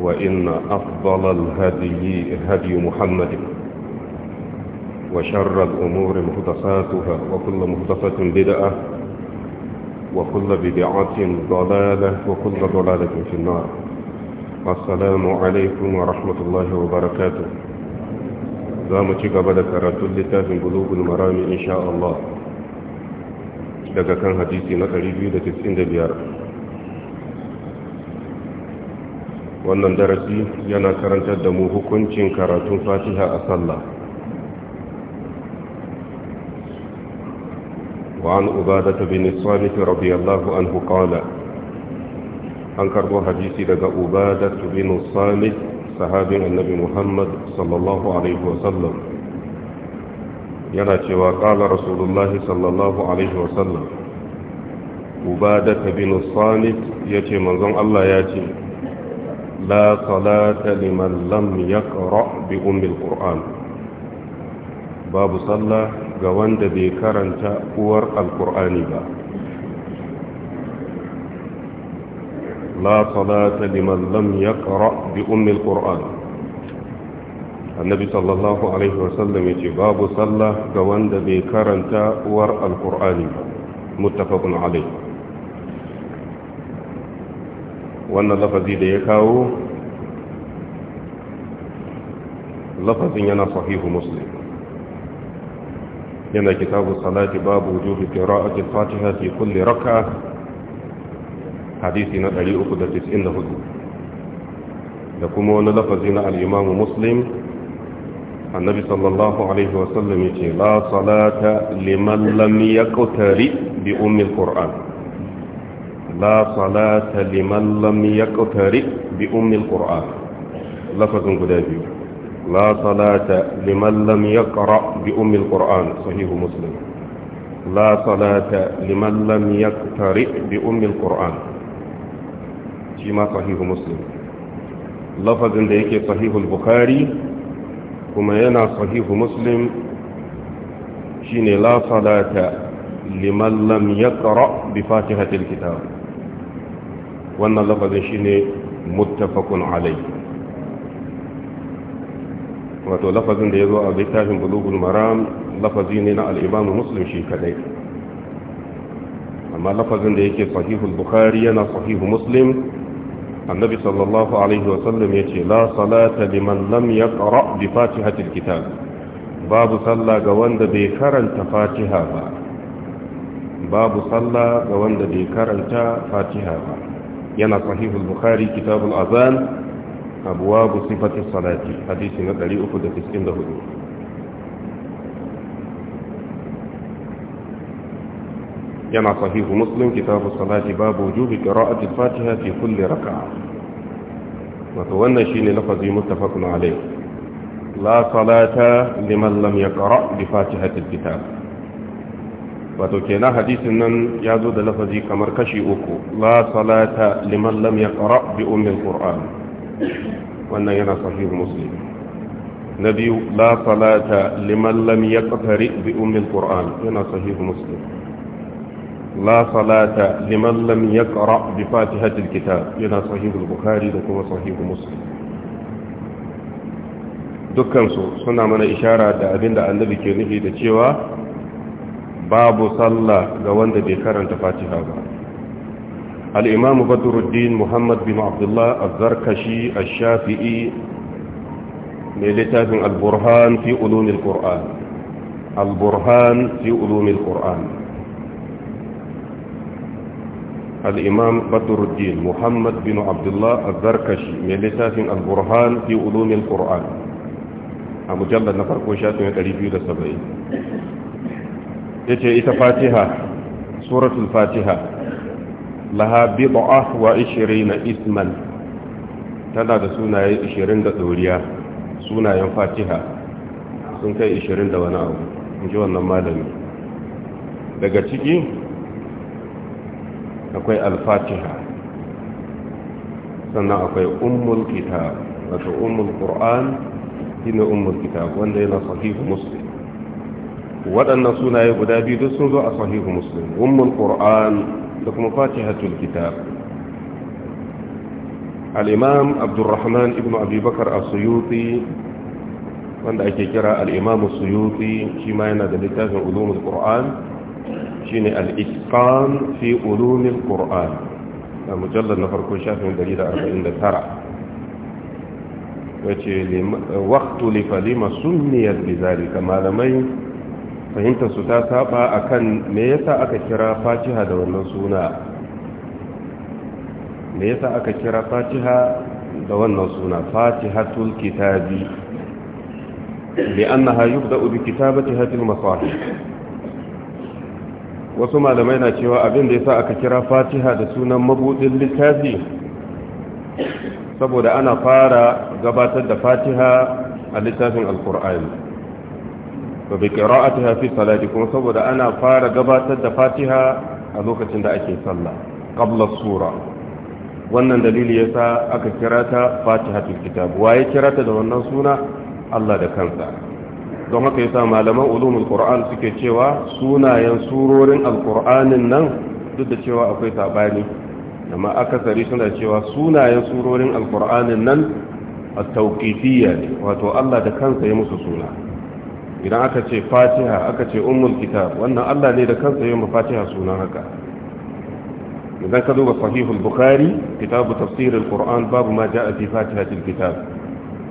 وإن أفضل الهدي هدي محمد وشر الأمور مهدساتها وكل مهدسة بدعة وكل بدعة ضلالة وكل ضلالة في النار السلام عليكم ورحمة الله وبركاته زام قبل كراتل لتاف قلوب المرام إن شاء الله لقد كان حديثي نقريبي لتسئن دبيار wannan darasi yana karantar da mu hukuncin karatun fatiha a sallah وعن عبادة بن الصامت رضي الله عنه قال أنكر حديثي لك عبادة بن الصامت صحابي النبي محمد صلى الله عليه وسلم يلا شوى قال رسول الله صلى الله عليه وسلم عبادة بن الصامت يتي منظم الله ياتي لا صلاة لمن لم يقرأ بأم القرآن باب صلى قوان دبي كرنت أور القرآن با لا صلاة لمن لم يقرأ بأم القرآن النبي صلى الله عليه وسلم يجي باب صلى قوان دبي كرنت أور القرآن با متفق عليه wannan lafazi da ya kawo lafazin yana sahihu muslim yana kitabu salati babu wujudu qira'ati al-fatiha fi kulli rak'a hadisi na 394 da kuma wani lafazi na al-imamu muslim annabi sallallahu alaihi wasallam yace la salata liman lam yaqtari bi ummi al-qur'an لا صلاة لمن لم يقترئ بأم القرآن لفظ قدابي لا صلاة لمن لم يقرأ بأم القرآن صحيح مسلم لا صلاة لمن لم يقترئ بأم القرآن شما صحيح مسلم لفظ ذلك صحيح البخاري كما ينا صحيح مسلم شين لا صلاة لمن لم يقرأ بفاتحة الكتاب wannan lafazin ne muttafaqun alai wato lafazin da ya zo a littafin bulugun maram lafazi ne na al-imam muslim shi kadai amma lafazin da yake sahihul bukhari yana sahihu muslim annabi sallallahu alaihi wasallam ya ce la salata liman lam yaqra bi fatihatil kitab babu salla ga wanda bai karanta fatiha ba babu salla ga wanda bai karanta fatiha ba ينا صحيح البخاري كتاب الأذان أبواب صفة الصلاة حديث نقلي أفد في سكين دهدو ينا صحيح مسلم كتاب الصلاة باب وجوب قراءة الفاتحة في كل ركعة وتوانا شيني لفظي متفق عليه لا صلاة لمن لم يقرأ بفاتحة الكتاب wato kenan hadisin nan ya zo da lafazi kamar kashi uku la salata liman lam ƙara bi ummil qur'an wannan yana sahih muslim na biyu la salata liman lam yaqtari bi ummil qur'an yana sahih muslim la salata liman lam ƙara bi fatihatil kitab yana sahih bukhari da kuma sahih muslim Dukkansu suna mana ishara da abin da annabi ke nufi da cewa babu sallah ga wanda bai karanta fatiha ba al'imamu badruddin muhammad bin abdullah azzarkashi a shafi'i mai littafin alburhan fi ulumin ƙur'an alburhan fi ulumin ƙur'an al'imam badruddin muhammad bin abdullah azzarkashi mai littafin alburhan fi ulumin ƙur'an a mujallar na farko shafin 270 ce ita fatiha suratul fatiha laha bid'a wa 20 isman tana da sunaye ishirin da doriya sunayen fatiha sun kai ishirin da wani abu in ji wannan malami daga ciki akwai alfatiha sannan akwai ummul kitab wato ummul qur'an shine ummul kitab wanda yana sahihu muslim waɗannan sunaye guda biyu duk sun zo a sahihu muslim ummul qur'an da kuma fatihatul kitab al-imam abdurrahman ibn abi bakr as-suyuti wanda ake kira al-imam as-suyuti shi ma yana da littafin ulumul qur'an shine al-itqan fi ulumil qur'an a mujallal na farko shafin 149 wace waktu lifa lima sunniyar bizari zalika malamai fahimtar su ta saba akan me yasa aka kira fatiha da wannan suna me yasa aka kira fatiha da wannan suna fatihatul kitabi li'annaha yubda'u bi kitabati hadhihi al-masahif wasu malamai na cewa abin da yasa aka kira fatiha da sunan mabudin littafi saboda ana fara gabatar da fatiha a littafin alkur'ani wa bi qira'atiha fi salati kuma saboda ana fara gabatar da fatiha a lokacin da ake sallah qabla sura wannan dalili yasa aka kira ta fatihatul kitab waye kira ta da wannan suna Allah da kansa don haka yasa malaman ulumul qur'an suke cewa sunayen surorin alqur'anin nan duk da cewa akwai sabani amma akasari suna cewa sunayen surorin alqur'anin nan at-tawqifiyya wato Allah da kansa ya musu suna idan aka ce fatiha aka ce ummul kitab wannan Allah ne da kansa yin fatiha sunan haka idan ka duba sahihul bukhari kitabu tafsirin qur'an babu ma jaa fi fatihatil kitab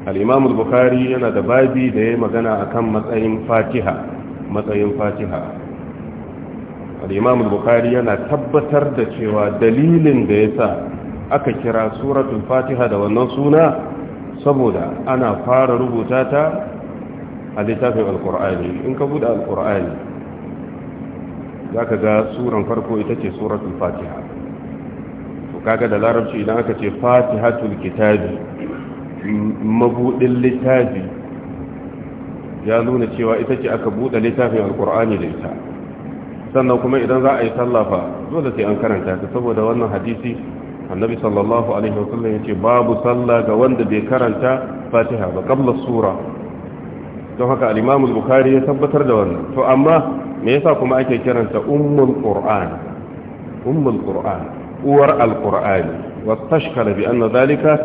al-imam al-bukhari yana da babi da yayi magana akan matsayin fatiha matsayin fatiha al-imam al-bukhari yana tabbatar da cewa dalilin da yasa aka kira suratul fatiha da wannan suna saboda ana fara rubuta ta a littafin alkur'ani in ka buɗe alkur'ani za ka ga suran farko ita ce suratul fatiha to kaga da larabci idan aka ce fatihatul kitabi mabuɗin littafi ya nuna cewa ita ce aka buɗe littafin alkur'ani da ita sannan kuma idan za a yi tallafa dole sai an karanta ta saboda wannan hadisi annabi sallallahu alaihi wasallam ya ce babu sallah ga wanda bai karanta fatiha ba kabla sura don haka al Bukari ya tabbatar da wannan to amma me yasa kuma ake kiranta ummul qur'an ummul qur'an uwar al-qur'ani wastashkala bi anna dhalika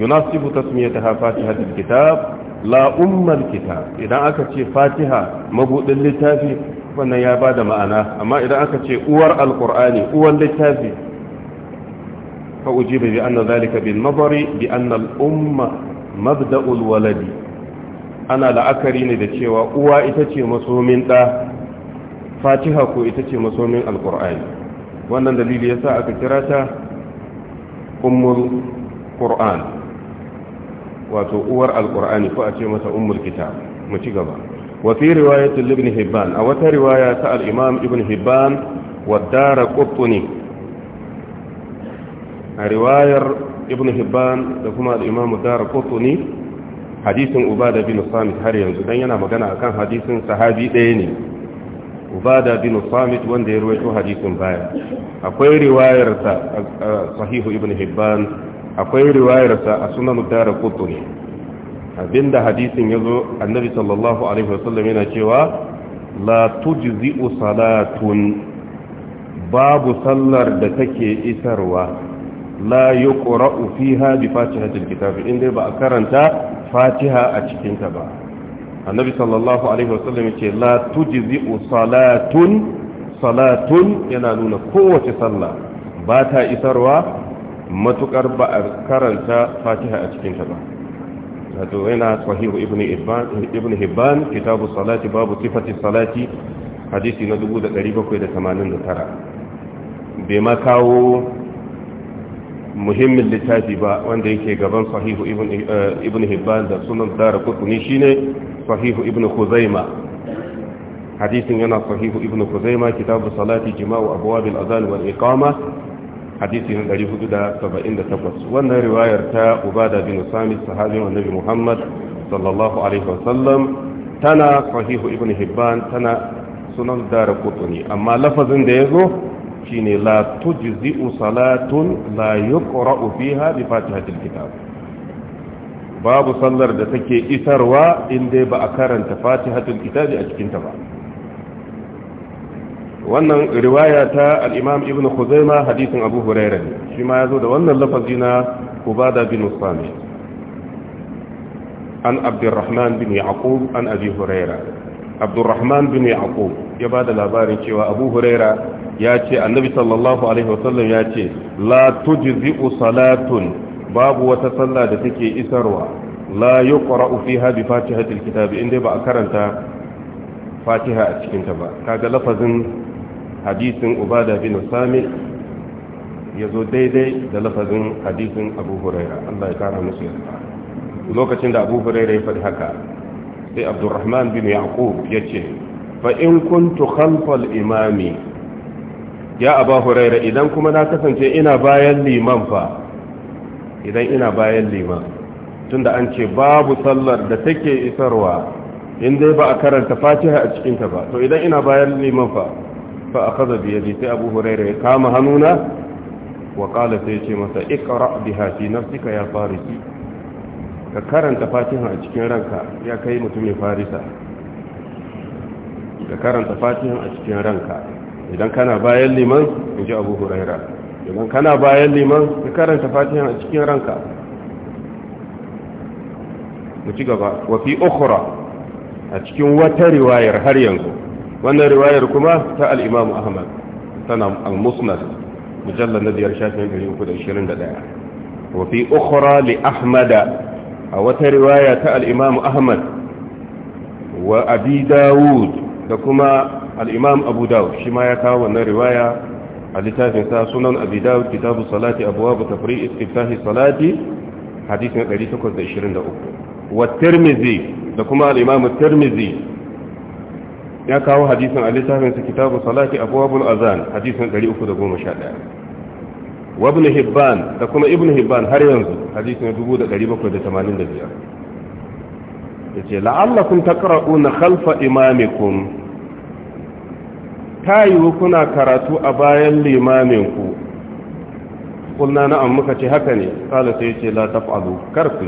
yunasibu tasmiyataha fatihat al-kitab la ummul kitab idan aka ce fatiha mabudin littafi wannan ya bada ma'ana amma idan aka ce uwar al-qur'ani uwan littafi fa ujiba bi anna dhalika bil nadari bi anna al-umma mabda'ul waladi ana la'akari ne da cewa uwa ita ce masomin ɗa fatiha ko ita ce masomin alkur'ani wannan dalili sa aka kira ta ummul qur'an wato uwar alkur'ani ko a ce mata ummul kitab mu ci gaba wa fi riwayat ibn hibban a wata riwaya ta al ibn hibban wa daraqutni a riwayar ibn hibban da kuma al-imam daraqutni hadisin ubada bin samit har yanzu dan yana magana akan hadisin sahabi ɗaya ne ubada bin samit wanda ya ruwaito hadisin baya akwai riwayarsa sahihu ibn hibban akwai riwayarsa a sunan ne. abinda hadisin yazo annabi sallallahu alaihi wasallam yana cewa la tujzi'u salatun babu sallar da take isarwa la yuqra'u fiha bi fatihatil kitab inda ba a karanta fatiha a cikinta ba annabi sallallahu alaihi wasallam yace la tujzi salatun salatun yana nuna kowace sallah ba ta isarwa matukar ba a karanta fatiha a cikinta ba wato yana sahihu ibn ibban ibn hibban kitabu salati babu sifati salati hadisi na 1789 bai ma kawo muhimmin littafi ba wanda yake gaban sahihu ibn eh, hibban da sunan dara kutuni shine sahihu ibn Kuzaima. hadisin yana sahihu ibn Kuzaima kitabu salati jima'u abwab al-azan wal iqama hadisi na 478 wannan riwayar ta ubada bin sami wa annabi muhammad sallallahu alaihi wasallam tana sahihu ibn hibban tana sunan dara kutuni amma lafazin da ya zo. shine la tujzi'u salatun la yuqra'u fiha bi fatihatil kitab babu sallar da take isarwa inda ba a karanta fatihatul kitab a cikin ta ba wannan riwaya ta al-imam ibn khuzaimah hadisin abu hurairah shi ma yazo da wannan lafazi na ubada bin usman an abdurrahman bin yaqub an abi hurairah abdurrahman bin yaqub ya bada labarin cewa abu huraira ya ce annabi sallallahu alaihi wasallam ya ce la tujzi'u salatun babu wata sallah da take isarwa la yuqra'u fiha bi fatihatil kitab inda ba a karanta fatiha a cikin ta ba kaga lafazin hadisin ubada bin sami ya zo daidai da lafazin hadisin abu huraira Allah ya kara musu lokacin da abu huraira ya faɗi haka sai abdurrahman bin yaqub ya ce in kuntu khalfal imami ya aba huraira idan kuma na kasance ina bayan liman fa idan ina bayan liman tunda an ce babu sallar da take isarwa in dai ba a karanta fatiha a cikinta ba to idan ina bayan liman fa fa akhadha bi yadi sai abu huraira ya kama hannuna wa qala sai ce masa iqra biha fi nafsika ya farisi ka karanta fatiha a cikin ranka ya kai mutumin farisa ka karanta fatiha a cikin ranka idan kana bayan liman in ji abu huraira idan kana bayan liman ka karanta fatiha a cikin ranka mu ci gaba wafi okura a cikin wata riwayar har yanzu wannan riwayar kuma ta al'imamu ahmad tana al-musnad mujallar na biyar shafin 321 wafi okura li ahmada a wata riwaya ta al'imamu ahmad wa abi dawud da kuma al'imam abu dawud shi ma ya kawo wannan riwaya a littafin sa sunan abi dawud kitabu salati abuwa bu tafri istiftahi salati hadisi na 823 wa tirmizi da kuma al'imamu tirmizi ya kawo hadisin a littafin sa kitabu salati abuwa bu azan hadisi na 311 wa ibn hibban da kuma ibn hibban har yanzu hadisi na 1785 yace la'allakum taqra'una khalfa imamikum tayu kuna karatu a bayan limaminku kulna na'am muka ce haka ne kala sai yace la taf'alu karku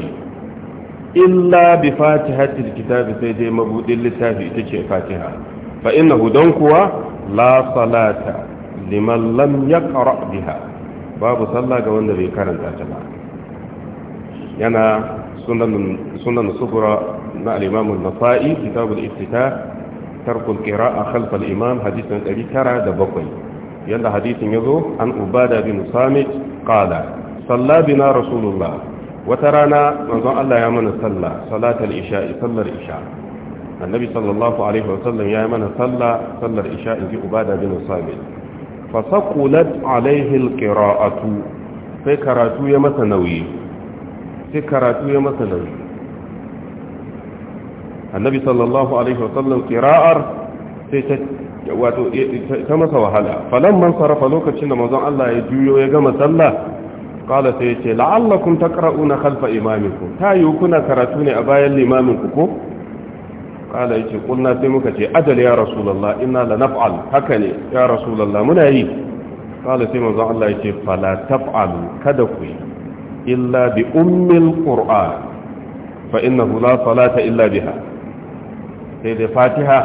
illa bi fatihatil kitabi sai dai mabuɗin littafi ita ce fatiha fa innahu dan kuwa la salata liman lam yaqra biha babu sallah ga wanda bai karanta ta ba yana sunan sufura na al'imamun nasa'i kitabul iftita tarkul qira'a khalf al-imam hadisin 907 yanda hadisin yazo an ubada bin samit qala salla bina rasulullah wata rana manzon Allah ya mana sallah salatul isha'i sallar isha annabi sallallahu alaihi wasallam ya mana sallah sallar isha inji ubada bin samit fasakulat alaihil ƙira'atu sai karatu ya masa nauyi sai karatu ya masa nauyi annabi sallallahu alaihi wasallam kira'ar sai ta masa wahala falon man sarrafa lokacin da mazan Allah ya juyo ya gama sallah kala sai ya ce la'allakum taqra'una khalfa imamikum ta yi kuna karatu ne a bayan limaminku ko kala yake kunna sai muka ce ajal ya rasulullah inna la naf'al haka ne ya rasulullah muna yi kala sai manzo Allah yake fala taf'al kada ku yi illa bi ummil qur'an fa innahu la salata illa biha sai da fatiha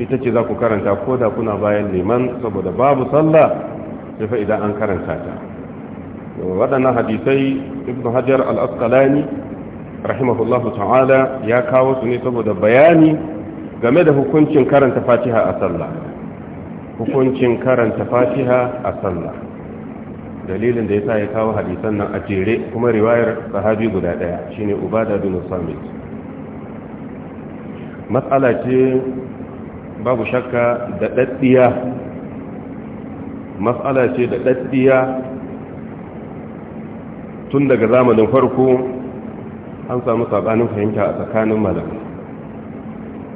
ita ce za ku karanta ko da kuna bayan liman saboda babu sallah sai fa an karanta ta waɗannan hadisai ibnu hajar al-asqalani rahimahullahu ta'ala ya kawo su ne saboda bayani game da hukuncin karanta fatiha a sallah hukuncin karanta fatiha a sallah dalilin da ya sa ya kawo hadisan nan a jere kuma riwayar sahabi guda daya shine ubada bin samit matsala ce babu shakka da daddiya matsala ce da daddiya tun daga zamanin farko an samu saɓanin fahimta a tsakanin malamai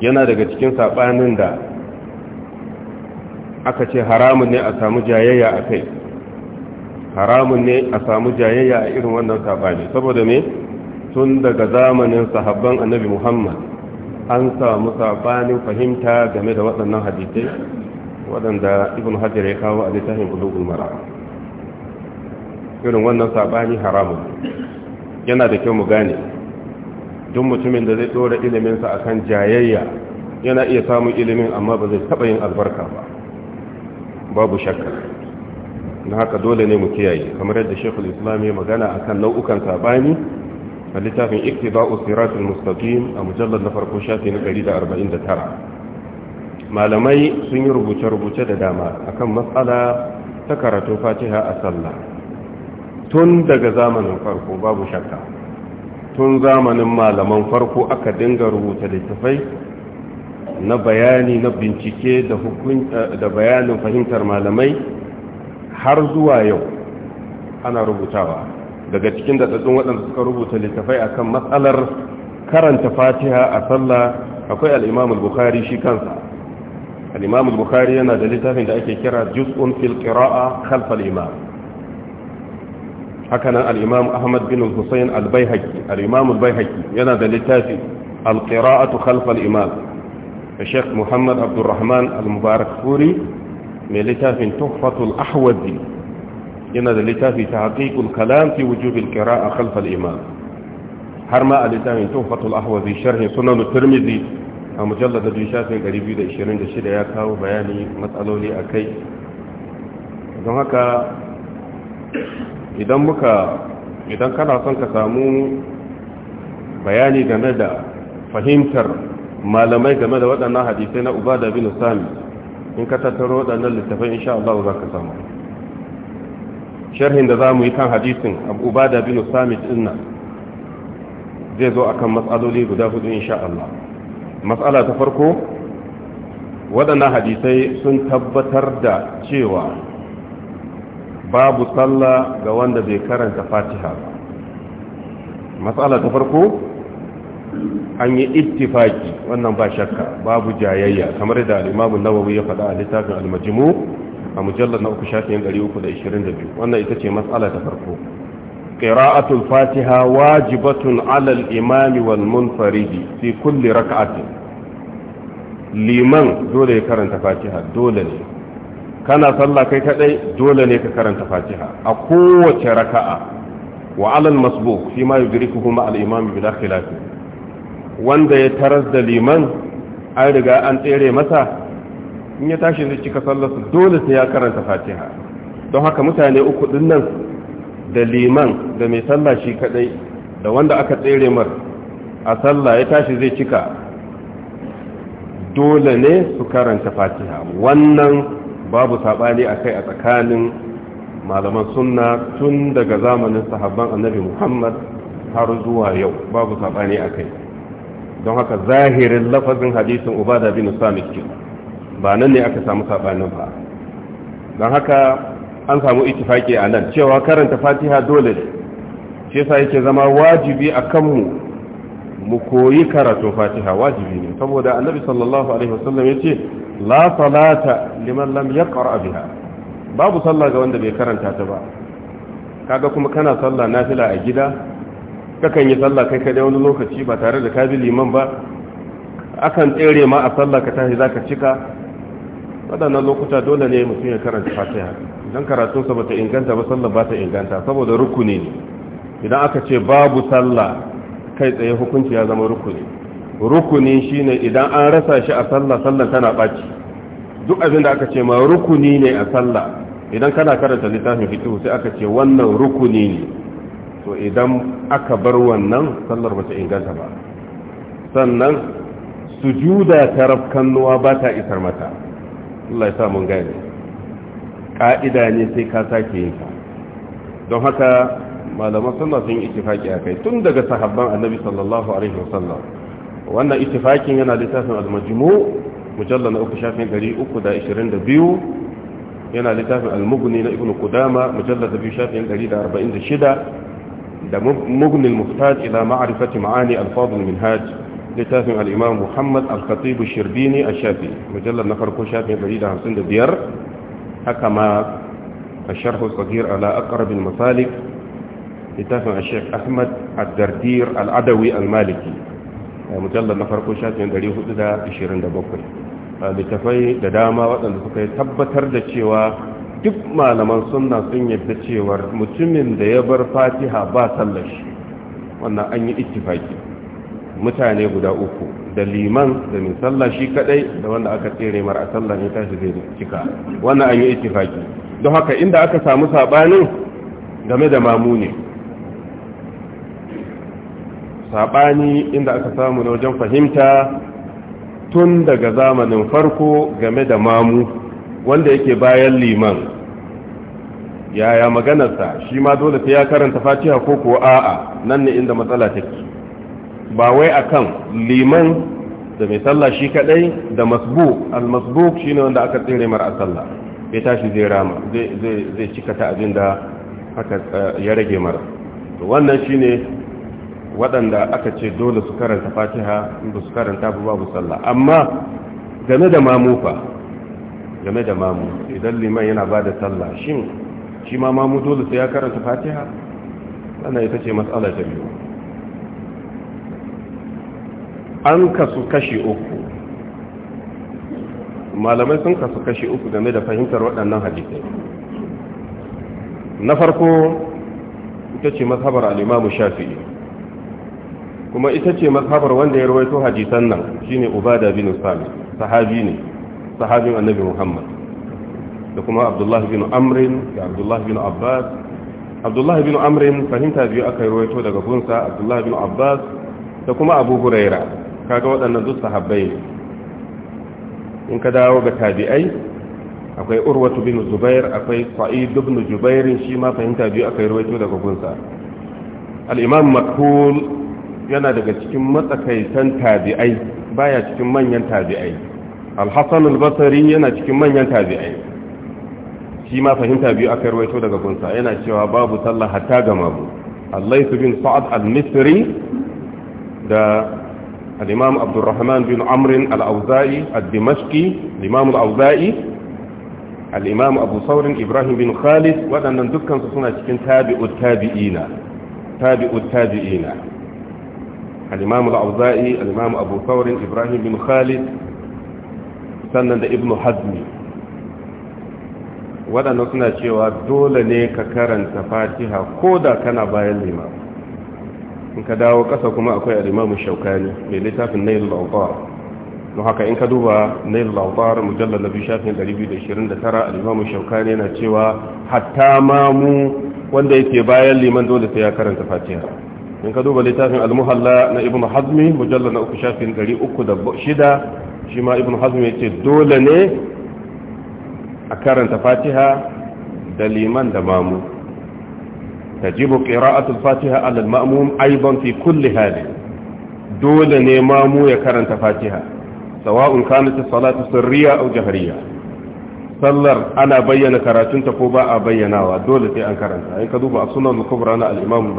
yana daga cikin saɓanin da aka ce haramun ne a samu jayayya a kai haramun ne a samu jayayya a irin wannan saɓani. saboda me tun daga zamanin sahabban annabi muhammad an samu saɓanin fahimta game da waɗannan hadisai waɗanda ibn hajjar ya kawo a littafin bulugul mara irin wannan saɓani haramun yana da kyau mu gane duk mutumin da zai dora iliminsa akan jayayya yana iya samun ilimin amma ba zai taba yin albarka ba babu shakka na haka dole ne mu kiyaye kamar yadda shekul islam ya magana akan nau'ukan saɓani a littafin iktiba'u siratin mustaqim a mujallar na farko shafi na 149 malamai sun yi rubuce-rubuce da dama akan matsala ta karatun fatiha a sallah tun daga zamanin farko babu shakka tun zamanin malaman farko aka dinga rubuta littafai na bayani na bincike eh, da bayanin fahimtar malamai har zuwa yau ana rubutawa daga cikin daɗaɗɗun waɗanda suka rubuta littafai akan matsalar karanta fatiha a sallah akwai al'imamul bukari shi kansa al'imamul Bukhari yana da littafin da ake kira juz'un fil qira'a khalfal imam hakanan al-imam ahmad bin hussein husayn al-baihaqi al-imam yana da littafi al-qira'atu khalf al-imam shaykh muhammad abdurrahman al-mubarak furi mai littafin tuhfatul ahwazi yana da littafi ta haqiqul kalam fi wujub al-qira'a khalf imam har ma a littafin tuhfatul ahwazi sharhin sunan tirmidhi a mujallar da 226 ya kawo bayani matsaloli a kai don haka idan muka idan kana son ka samu bayani game da fahimtar malamai game da waɗannan hadisai na ubada bin sami in ka tattaro waɗannan littafai insha Allah za ka samu sharhin da za mu yi kan hadisin ubada bin sami dinnan zai zo akan matsaloli guda hudu insha Allah matsala ta farko waɗannan hadisai sun tabbatar da cewa babu sallah ga wanda bai karanta fatiha ba matsala ta farko an yi ittifaki wannan ba shakka babu jayayya kamar da al-imamu nawawi ya faɗa a littafin al-majmu a mujallar na uku shafin biyu. wannan ita ce matsala ta farko qira'atul fatiha wajibatun alal imami wal munfaridi fi kulli rak'atin liman dole ya karanta fatiha dole ne kana sallah kai kadai dole ne ka karanta fatiha a kowace raka'a wa alal masbuq fi ma yudrikuhu ma al imam bi dakhilati wanda ya taras da liman an riga an tsere masa in ya tashi zai cika sallarsa dole sai ya karanta fatiha don haka mutane uku din nan da liman da mai sallah shi kadai da wanda aka tsere mar a sallah ya tashi zai cika dole ne su karanta fatiha wannan babu saɓani a kai a tsakanin malaman sunna tun daga zamanin sahabban annabi muhammad har zuwa yau babu saɓani a kai don haka zahirin lafazin hadisin ubada bin samit ke ba nan ne aka samu saɓanin ba don haka an samu ittifaki a nan cewa karanta fatiha dole ne shi yasa yake zama wajibi a kanmu mu koyi karatun fatiha wajibi ne saboda annabi sallallahu alaihi wasallam ya ce la salata liman lam yaqra biha babu sallah ga wanda bai karanta ta ba kaga kuma kana sallah nafila a gida kakan yi sallah kai kai wani lokaci ba tare da ka bi liman ba akan tsere ma a sallah ka tashi zaka cika waɗannan lokuta dole ne mutum ya karanta fatiha idan karatunsa bata inganta ba sallah bata inganta saboda rukuni ne idan aka ce babu sallah kai tsaye hukunci ya zama rukuni rukuni shine idan an rasa shi a sallah sallah tana baci duk abin da aka ce ma rukuni ne a sallah idan kana karanta littafin fiqh sai aka ce wannan rukuni ne to idan aka bar wannan sallar ba ta inganta ba sannan sujuda ta rafkannuwa ba ta isar mata Allah ya sa mun gane ka'ida ne sai ka sake yin ta don haka malaman sallah sun yi ittifaki akai tun daga sahabban annabi sallallahu alaihi wasallam wannan ittifakin yana littafin al-majmu mujallal na uku shafin 322 yana littafin al-mughni na ibnu qudama mujallal da biyu shafin 146 da mughni al muftaj ila ma'rifati ma'ani al-fadl min minhaj littafin al-imam muhammad al-khatib ash-shirbini ash-shafi mujallal na farko shafin 155 haka ma الشرح الصغير على أقرب المسالك لتافع الشيخ أحمد الدردير العدوي المالكي mujallar na farko shafin 427 littafai da dama waɗanda suka yi tabbatar da cewa duk malaman sunna sun yadda cewar mutumin da ya bar fatiha ba sallar shi wannan an yi ittifaki mutane guda uku da liman da mai sallashi shi kadai da wanda aka tsere mara a sallah ne tashi zai cika wannan an yi ittifaki don haka inda aka samu sabanin game da mamuni sabani inda aka samu na wajen fahimta tun daga zamanin farko game da mamu wanda yake bayan liman yaya maganarsa shi ma dole sai ya karanta fatiha ko ko a'a nan ne inda matsala take ba wai akan liman da mai sallah shi kadai da masbu al-masbu shine wanda aka tsire mar sallah ya tashi zai rama zai zai cika ta abinda haka eh, ya rage mara to wannan shine waɗanda aka ce dole su karanta fatiha ba su karanta ba babu sallah amma game da mamu fa game da mamu idan liman yana ba da sallah shin shi ma mamu dole su ya karanta fatiha wannan ita ce matsala ta biyu an kasu kashi uku malamai sun kasu kashi uku game da fahimtar waɗannan hadisai na farko ita ce mazhabar al'imamu shafi'i kuma ita ce mazhabar wanda ya rawaito hadisan nan shine ubada bin sami sahabi ne sahabin annabi muhammad da kuma abdullahi bin amrin da abdullahi bin abbas abdullahi bin amrin fahimta biyu aka rawaito daga gunsa abdullahi bin abbas da kuma abu huraira kaga waɗannan duk sahabbai ne in ka dawo ga tabi'ai akwai urwatu bin zubair akwai sa'id ibn jubair shi ma fahimta biyu aka rawaito daga gunsa al-imam makhul yana daga cikin matsakaitan tabi'ai baya cikin manyan tabi'ai al-hasan al-basri yana cikin manyan tabi'ai shi ma fahimta biyu aka rawaito daga gunsa yana cewa babu sallah hatta ga mabu al su bin sa'ad al-misri da al-imam abdurrahman bin Amrin al-auza'i ad-dimashqi al-imam al-auza'i al-imam abu saurin ibrahim bin khalid waɗannan dukkan su suna cikin tabi'ut tabi'ina tabi'ut tabi'ina al-imam al-auza'i abu saurin ibrahim bin khalid sannan da ibnu hazmi waɗanda suna cewa dole ne ka karanta fatiha ko da kana bayan lima in ka dawo ƙasa kuma akwai al-imam shaukani mai littafin nail al-awtar haka in ka duba nail al mujallar na biyu shafin 229 al-imam shaukani yana cewa hatta mamu mu wanda yake bayan liman dole sai ya karanta fatiha in ka duba littafin al na ibn hazmi mujalla na uku shafin ɗari uku da shida shi ma ibnu hazmi ya ce dole ne a karanta fatiha da liman da mamu tajibu qira'atul fatiha ala al-ma'mum aidan fi kulli hali dole ne mamu ya karanta fatiha sawa'un kanat as-salatu sirriya au jahriya sallar ana bayyana karatunta ko ba a bayyanawa dole sai an karanta in ka duba sunan al-kubra na al-imam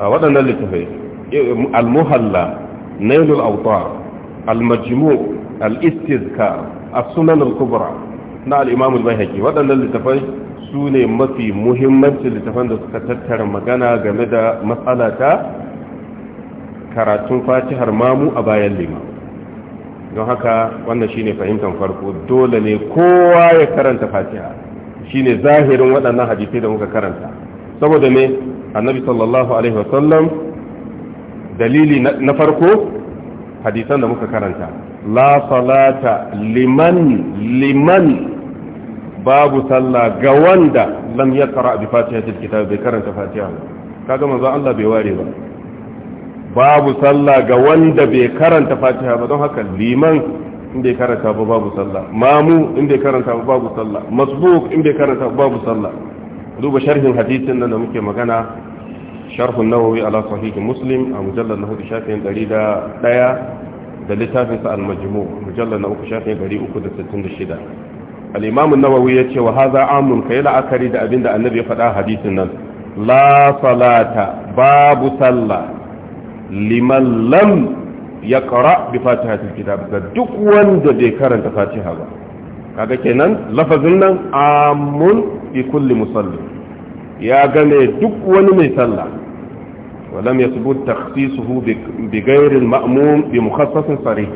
a waɗannan littafai eh, al-muhalla nailul autar al-majmu al-istizkar as-sunan al-kubra na al-imam al-bayhaqi waɗannan littafai su ne mafi muhimmanci littafan da suka tattara magana game da matsala ta karatun fatihar mamu a bayan lima don haka wannan shine fahimtar farko dole ne kowa ya karanta fatiha shine zahirin waɗannan hadisi da muka karanta saboda me. annabi sallallahu alaihi wasallam dalili na farko hadisan da muka karanta la salata liman liman babu sallah ga wanda lam yaqra bi fatihatil kitab bai karanta fatiha kaga manzo Allah bai ware ba babu sallah ga wanda bai karanta fatiha ba don haka liman in bai karanta ba babu sallah mamu in bai karanta ba babu sallah masbuk in bai karanta ba babu sallah duba sharhin hadisin nan da muke magana sharh an-nawawi ala sahih muslim a mujallal na 4 shafin 101 da littafin sa al-majmu' mujallal na shafin 366 al-imam an-nawawi yace wa hadha amun kai la'akari da abinda annabi ya faɗa hadisin nan la salata babu sallah liman lam yaqra bi fatihatil kitab da duk wanda bai karanta fatiha ba kaga kenan lafazin nan amun bi kulli musallin ya gane duk wani mai sallah ولم يثبت تخصيصه بغير المأموم بمخصص صريح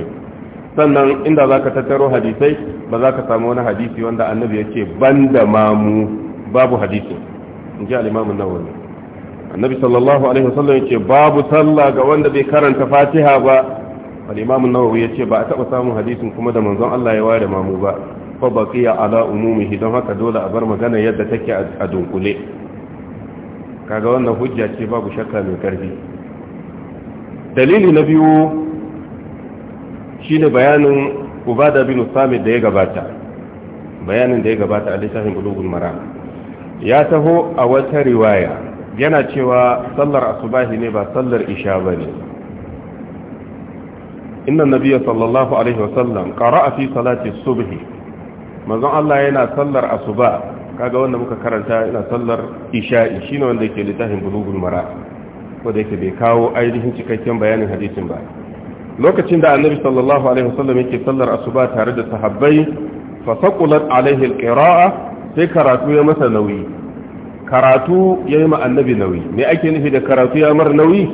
sannan inda za ka tattaro hadisai ba za ka samu wani hadisi wanda annabi ya ce ban da mamu babu hadisi in ji alimamun nawawi annabi sallallahu alaihi wasallam ya ce babu sallah ga wanda bai karanta fatiha ba alimamun nawawi ya ce ba a taɓa samun hadisin kuma da manzon Allah ya ware mamu ba fa baqiya ala umumihi don haka dole a bar magana yadda take a dunkule kaga wannan hujja ce babu shakka mai karfi dalili na biyu shine bayanin ubada bin samit da ya gabata bayanin da ya gabata a littafin bulugun mara ya taho a wata riwaya yana cewa sallar asubahi ne ba sallar isha ba bane inna nabiyya sallallahu alaihi wasallam a fi salati subhi mazan Allah yana sallar asuba kaga wanda muka karanta ina sallar isha'i shine wanda yake littafin bulugul mara ko da yake bai kawo ainihin cikakken bayanin hadisin ba lokacin da annabi sallallahu alaihi wasallam yake sallar asuba tare da sahabbai fa saqulat alaihi alqira'a sai karatu ya masa nauyi karatu yayi ma annabi nauyi me ake nufi da karatu ya mar nauyi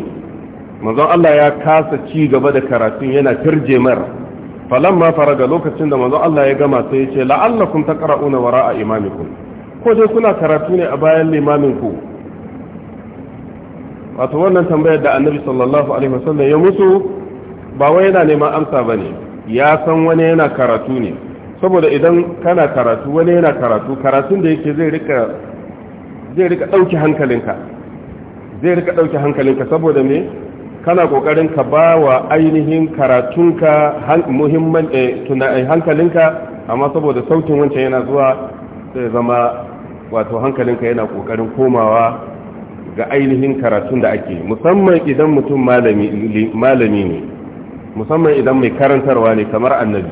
manzon Allah ya kasa ci gaba da karatun yana tirje mar falamma faraga lokacin da manzon Allah ya gama sai ya ce la'allakum taqra'una wara'a imamikum ko dai kuna karatu ne a bayan limamin ku wato wannan tambayar da annabi sallallahu alaihi wasallam ya musu ba wai yana neman amsa bane ya san wani yana karatu ne saboda idan kana karatu wani yana karatu karatun da yake zai rika zai rika dauki hankalinka zai rika dauki hankalinka saboda me kana kokarin ka bawa ainihin karatunka muhimman eh, eh, hankalinka amma saboda sautin wancan yana zuwa sai zama wato hankalinka yana kokarin komawa ga ainihin karatun da ake musamman idan mutum malami ne musamman idan mai karantarwa ne kamar annabi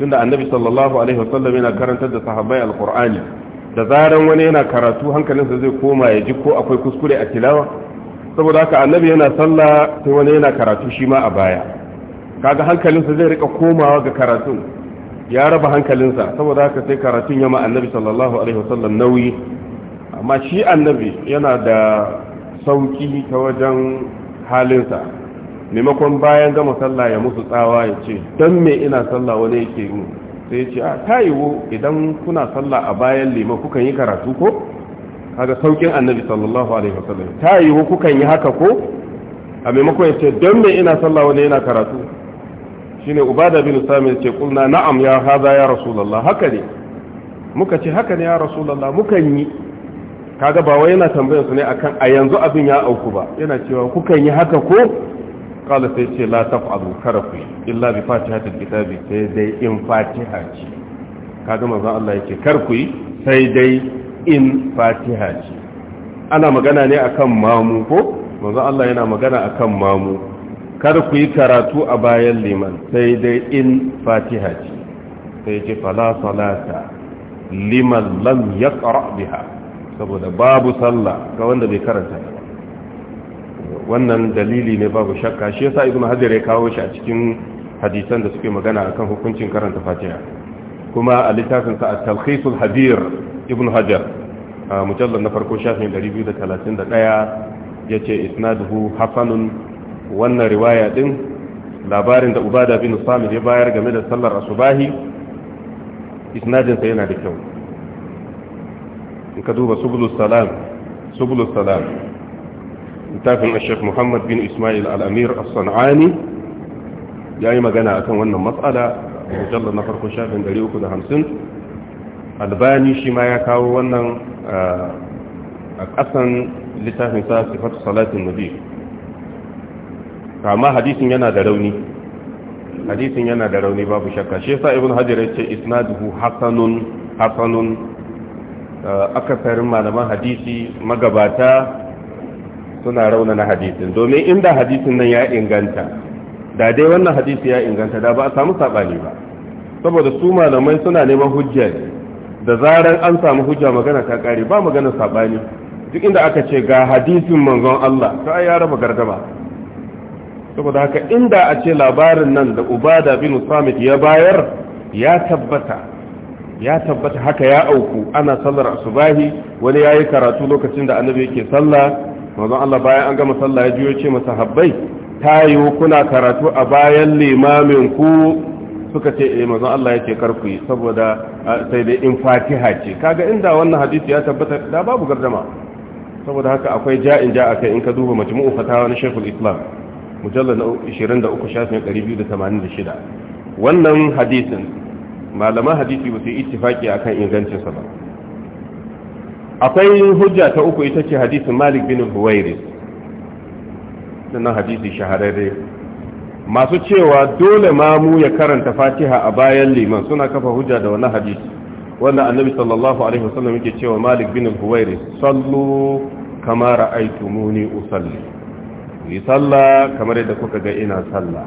tunda annabi sallallahu alaihi wasallam yana karantar da sahabbai alkur'ani da zaran wani yana karatu hankalinsa zai koma ya ji ko akwai kuskure a tilawa saboda haka annabi yana sallah sai wani yana karatu shi ma a baya kaga hankalinsa zai rika komawa ga karatun ya raba hankalinsa saboda haka sai karatun yamma annabi sallallahu alaihi wasallam nauyi amma shi annabi yana da sauki ta wajen halinsa maimakon bayan gama sallah ya musu tsawa ya ce don me ina sallah wani yake yi sai ya ce a ah, ta wo idan kuna sallah a bayan lima kukan yi karatu ko haka saukin annabi sallallahu alaihi wasallam ta wo kukan yi haka ko a maimakon ya ce don me ina sallah wani yana karatu shine ubada bin sami ce kulna na'am ya haza ya rasulullah haka ne muka ce haka ne ya rasulullah mukan yi kaga ba wai yana tambayar su ne akan a yanzu abin ya auku ba yana cewa kuka yi haka ko kala sai ce la taf'alu karafu illa bi fatihatil kitabi sai dai in fatiha ce kaga manzon Allah yake kar ku sai dai in fatiha ce ana magana ne akan mamu ko manzon Allah yana magana akan mamu Kada ku yi karatu a bayan liman sai dai in fatiha ce sai ce fala salata liman lam ya biha saboda babu sallah ga wanda bai karanta ba wannan dalili ne babu shakka shi yasa ibnu hajar ya kawo shi a cikin hadisan da suke magana akan hukuncin karanta fatiha kuma a littafin sa at-talkhisul hadir ibnu hajar mujallal na farko shafin 231 yace isnaduhu hasanun wannan riwaya din labarin da ubada bin samir ya bayar game da sallar asubahi isnadinsa yana da kyau in ka duba subulus salam salam littafin ashef muhammad bin ismail al'amir as-san'ani ya yi magana akan wannan matsala mujallar na farko shafin 350 albani shi ma ya kawo wannan ah, a ƙasan littafin sifatu salatin nabi kama hadisin yana da rauni hadisin yana da rauni babu shakka shi yasa ibn hajar ya ce isnaduhu hasanun hasanun uh, akasarin malaman hadisi magabata suna rauna na hadisin domin inda hadisin nan ya inganta da dai wannan hadisi ya inganta da ba a samu sabani ba saboda su malamai suna neman hujja da zaran an samu hujja magana ta kare ba magana sabani duk inda aka ce ga hadisin manzon Allah sai ya raba gardama saboda haka inda a ce labarin nan da ubada bin samit ya bayar ya tabbata ya tabbata haka ya auku ana sallar asubahi wani yayi karatu lokacin da annabi yake sallah manzon Allah bayan an gama sallah ya juyo ce masa habbai yi kuna karatu a bayan limamin ku suka ce eh manzon Allah yake karku saboda sai dai in fatiha ce kaga inda wannan hadisi ya tabbata da babu gardama saboda haka akwai ja'in ja'a kai in ka duba majmu'u fatawa na Sheikhul Islam mujallar na 23 shafin 286 wannan hadisin malaman hadisi ba su yi ittifaki akan ingancinsa ba akwai hujja ta uku ita ce hadisin malik bin buwairis sannan hadisi shahararre masu cewa dole mamu ya karanta fatiha a bayan liman suna kafa hujja da wani hadisi wanda annabi sallallahu alaihi wasallam yake cewa malik bin buwairis sallu kama ra'aytumuni usalli yi sallah kamar yadda kuka ga ina sallah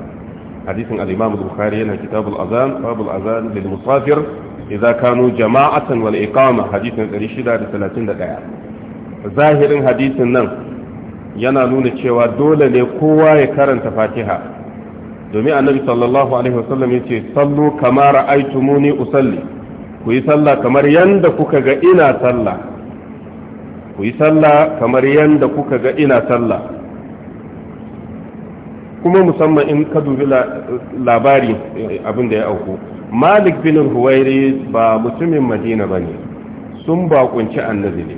hadisin al-imam bukhari yana kitabul azan babul azan lil musafir idza kanu jama'atan wal iqama hadisin 631 zahirin hadisin nan yana nuna cewa dole ne kowa ya karanta fatiha domin annabi sallallahu alaihi wasallam yace sallu kama ra'aytumuni usalli ku yi sallah kamar yanda kuka ga ina sallah ku yi sallah kamar yanda kuka ga ina sallah kuma musamman in ka dubi labari abin da ya auku malik bin huwairi ba mutumin madina ba ne sun bakunci annabi ne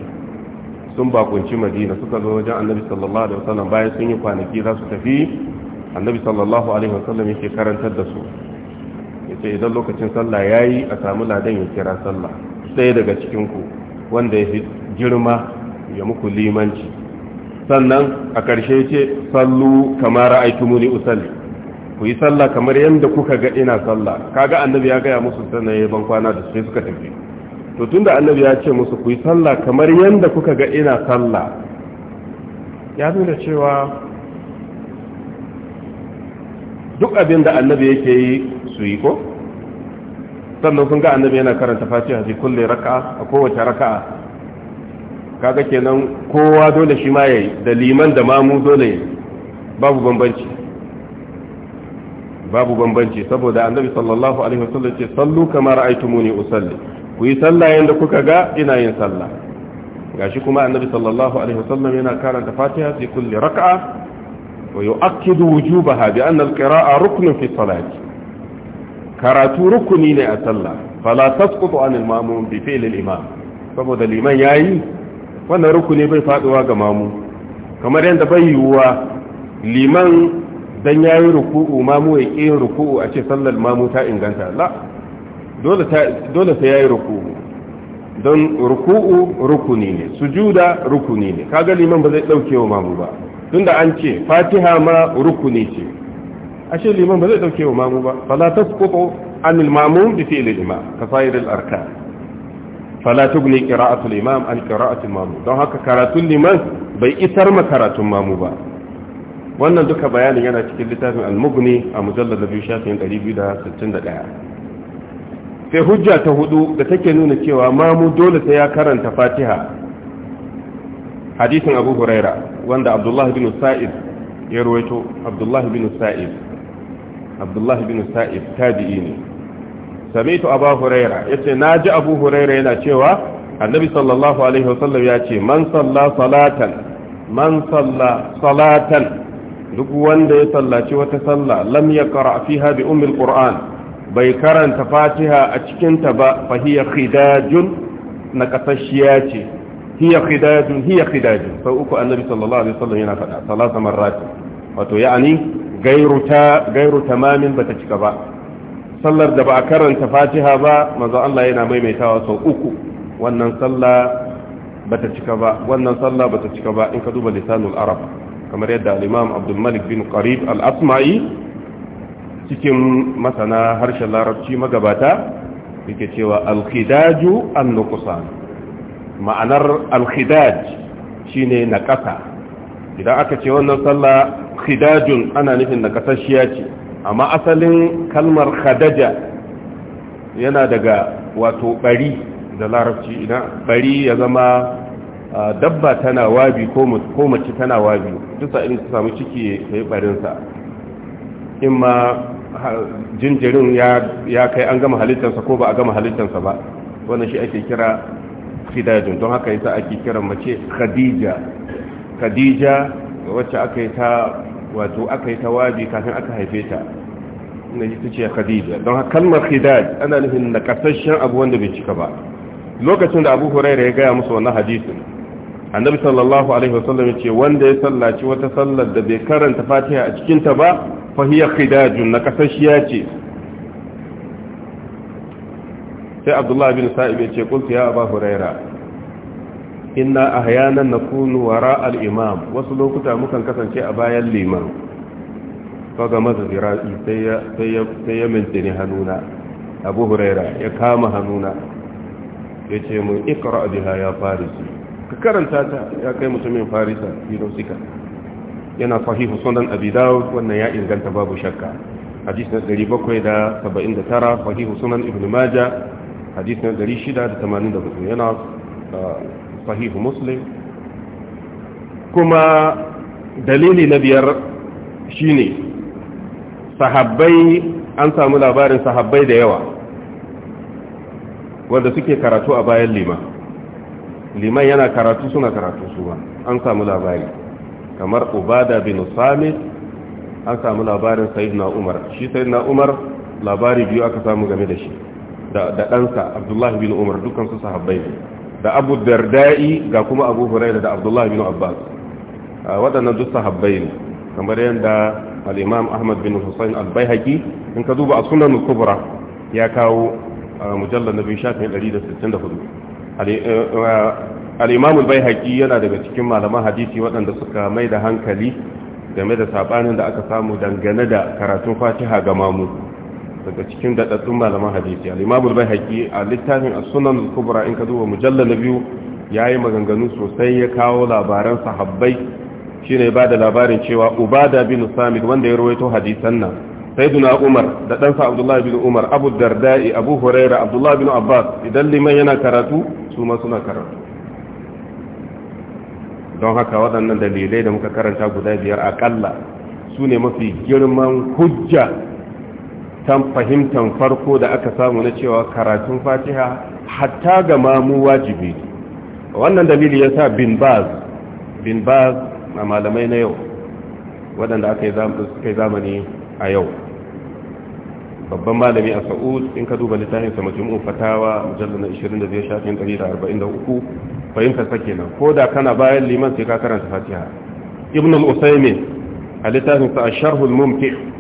sun bakunci madina suka zo wajen annabi sallallahu alaihi wasallam bayan sun yi kwanaki za su tafi annabi sallallahu alaihi wasallam yake karantar da su yace idan lokacin sallah yayi a samu ladan ya kira sallah sai daga cikin ku wanda ya fi girma ya muku limanci sannan a ƙarshe ce sallu kamar ra'aytumuni usalli ku yi sallah kamar yadda kuka ga ina sallah kaga annabi ya gaya musu sannan yi ban kwana da sai suka tafi to tunda annabi ya ce musu ku yi sallah kamar yadda kuka ga ina sallah ya nuna cewa duk abin da annabi yake yi su yi ko sannan sun ga annabi yana karanta fatiha fi kulli raka'a a kowace raka'a kaga kenan kowa dole shi ma yayi da liman da mamu dole yayi babu bambanci babu bambanci saboda annabi sallallahu alaihi wasallam ce sallu kama ra'aytumuni usalli ku yi sallah yanda kuka ga ina yin sallah gashi kuma annabi sallallahu alaihi wasallam yana karanta fatiha fi kulli rak'a wa yu'akkidu wujubaha bi anna al-qira'a ruknun fi salati karatu rukuni ne a sallah fala tasqutu anil ma'mum bi fi'li al-imam saboda liman yayi wannan rukuni bai faduwa ga mamu kamar yadda bai yiwuwa liman dan yayi ruku'u mamu ya ƙi ruku'u a ce sallar mamu ta inganta la dole ta sai yayi ruku'u don ruku'u rukuni ne sujuda rukuni ne kaga liman ba zai dauke wa mamu ba tunda an ce fatiha ma rukuni ce ashe liman ba zai dauke wa mamu ba fala tasqutu anil mamum bi fi'l al-imam ka sa'ir al-arkan fala tugni qira'atul imam an qira'atul mamu don haka karatun liman bai isar ma karatun mamu ba wannan duka bayanin yana cikin littafin al-mughni a mujallad 2261 sai hujja ta hudu da take nuna cewa mamu dole sai ya karanta fatiha hadisin abu huraira wanda abdullahi bin sa'id ya ruwaito abdullahi bin sa'id abdullahi bin sa'id tabi'i ne sami'tu abu huraira yace naji abu huraira yana cewa annabi sallallahu alaihi wasallam ya ce man salla salatan man salla salatan duk wanda ya sallaci wata salla lam yaqra fiha bi ummi bai karanta fatiha a cikinta ta ba fa hiya khidajun nakasashiya ce hiya khidajun hiya khidajun sau uku annabi sallallahu alaihi wasallam yana faɗa salasa marrat wato ya'ani gairu ta gairu cika ba sallar da ba a karanta fatiha ba manzo Allah yana maimaitawa sau uku wannan sallah bata cika ba wannan sallah bata cika ba in ka duba lisanul arab kamar yadda al-imam abdul malik bin qarib al-asma'i cikin masana harshen larabci magabata yake cewa al-khidaju an-nuqsan ma'anar al-khidaj shine naqasa idan aka ce wannan sallah khidajun ana nufin naqasashiya ce amma asalin kalmar khadaja yana daga wato bari da larabci idan bari ya zama dabba tana wabi ko mace tana wabi dusa in samu ciki ya yi barinsa in ma jinjirin ya kai an gama halittarsa ko ba a gama halittarsa ba wannan shi ake kira khidajin don haka yasa ake kira mace khadija khadija wacce aka yi ta wato aka yi tawaji kafin aka haife ta na ita ce khadija don kalmar khidaj ana nufin na kasashen abu wanda bai cika ba lokacin da abu huraira ya gaya musu wannan hadisin annabi sallallahu alaihi wasallam ya ce wanda ya sallaci wata sallar da bai karanta fatiha a cikin ta ba fa hiya khidajun na kasashiya ce sai abdullahi bin sa'ib ya ce qultu ya abu huraira inna ahyanan nakunu wara al-imam wasu lokuta mukan kasance a bayan liman kaga masa zira'i sai ya sai ya mintini hannuna abu huraira ya kama hannuna ya yace mun ikra biha ya farisi ka karanta ta ya kai mutumin farisa bidon yana sahihu sunan abi wannan ya inganta babu shakka hadis na 779 sahihu sunan ibn majah hadis na 684 yana ah, sahihu muslim kuma dalili na biyar shine sahabai an samu labarin sahabbai da yawa wanda suke karatu a bayan lima liman yana karatu suna karatu su ba an samu labari kamar ubada bin samit an samu labarin sayyidina umar shi sayyidina umar labari biyu aka samu game da shi da ɗansa abdullahi bin umar dukansu sahabbai ne da abu dardai ga kuma abu huraira da abdullah bin abbas ah, waɗannan duk sahabbai ne kamar yadda al-imam ahmad bin husayn al in ka duba a sunan al-kubra ya kawo mujallal nabi shafin 164 al-imam al haƙi yana daga cikin malaman hadisi waɗanda suka mai da hankali game da saɓanin da aka samu dangane da karatun fatiha ga mamu daga cikin daɗaɗɗun malaman hadisi al-imam al-baihaqi a littafin as-sunan al-kubra in ka duba mujallal na biyu yayi maganganu sosai ya kawo labaran sahabbai shine ba da labarin cewa ubada bin samit wanda ya rawaito hadisan nan sayyiduna umar da ɗansa abdullahi bin umar abu darda'i abu huraira abdullahi bin abbas idan liman yana karatu su ma suna karatu don haka waɗannan dalilai da muka karanta guda biyar akalla su ne mafi girman hujja tan fahimtan farko da aka samu na cewa karatun fatiha hatta ga mamu wajibi wannan dalili ya sa bin baz bin baz na malamai na yau waɗanda aka yi zamani a yau babban malami a sa'ud in ka duba littafin sa majmu'u fatawa mujallal 25 shafin 143 fahimta sake nan ko da kana bayan liman sai ka karanta fatiha ibn al-usaymin a littafin sa asharh al-mumti'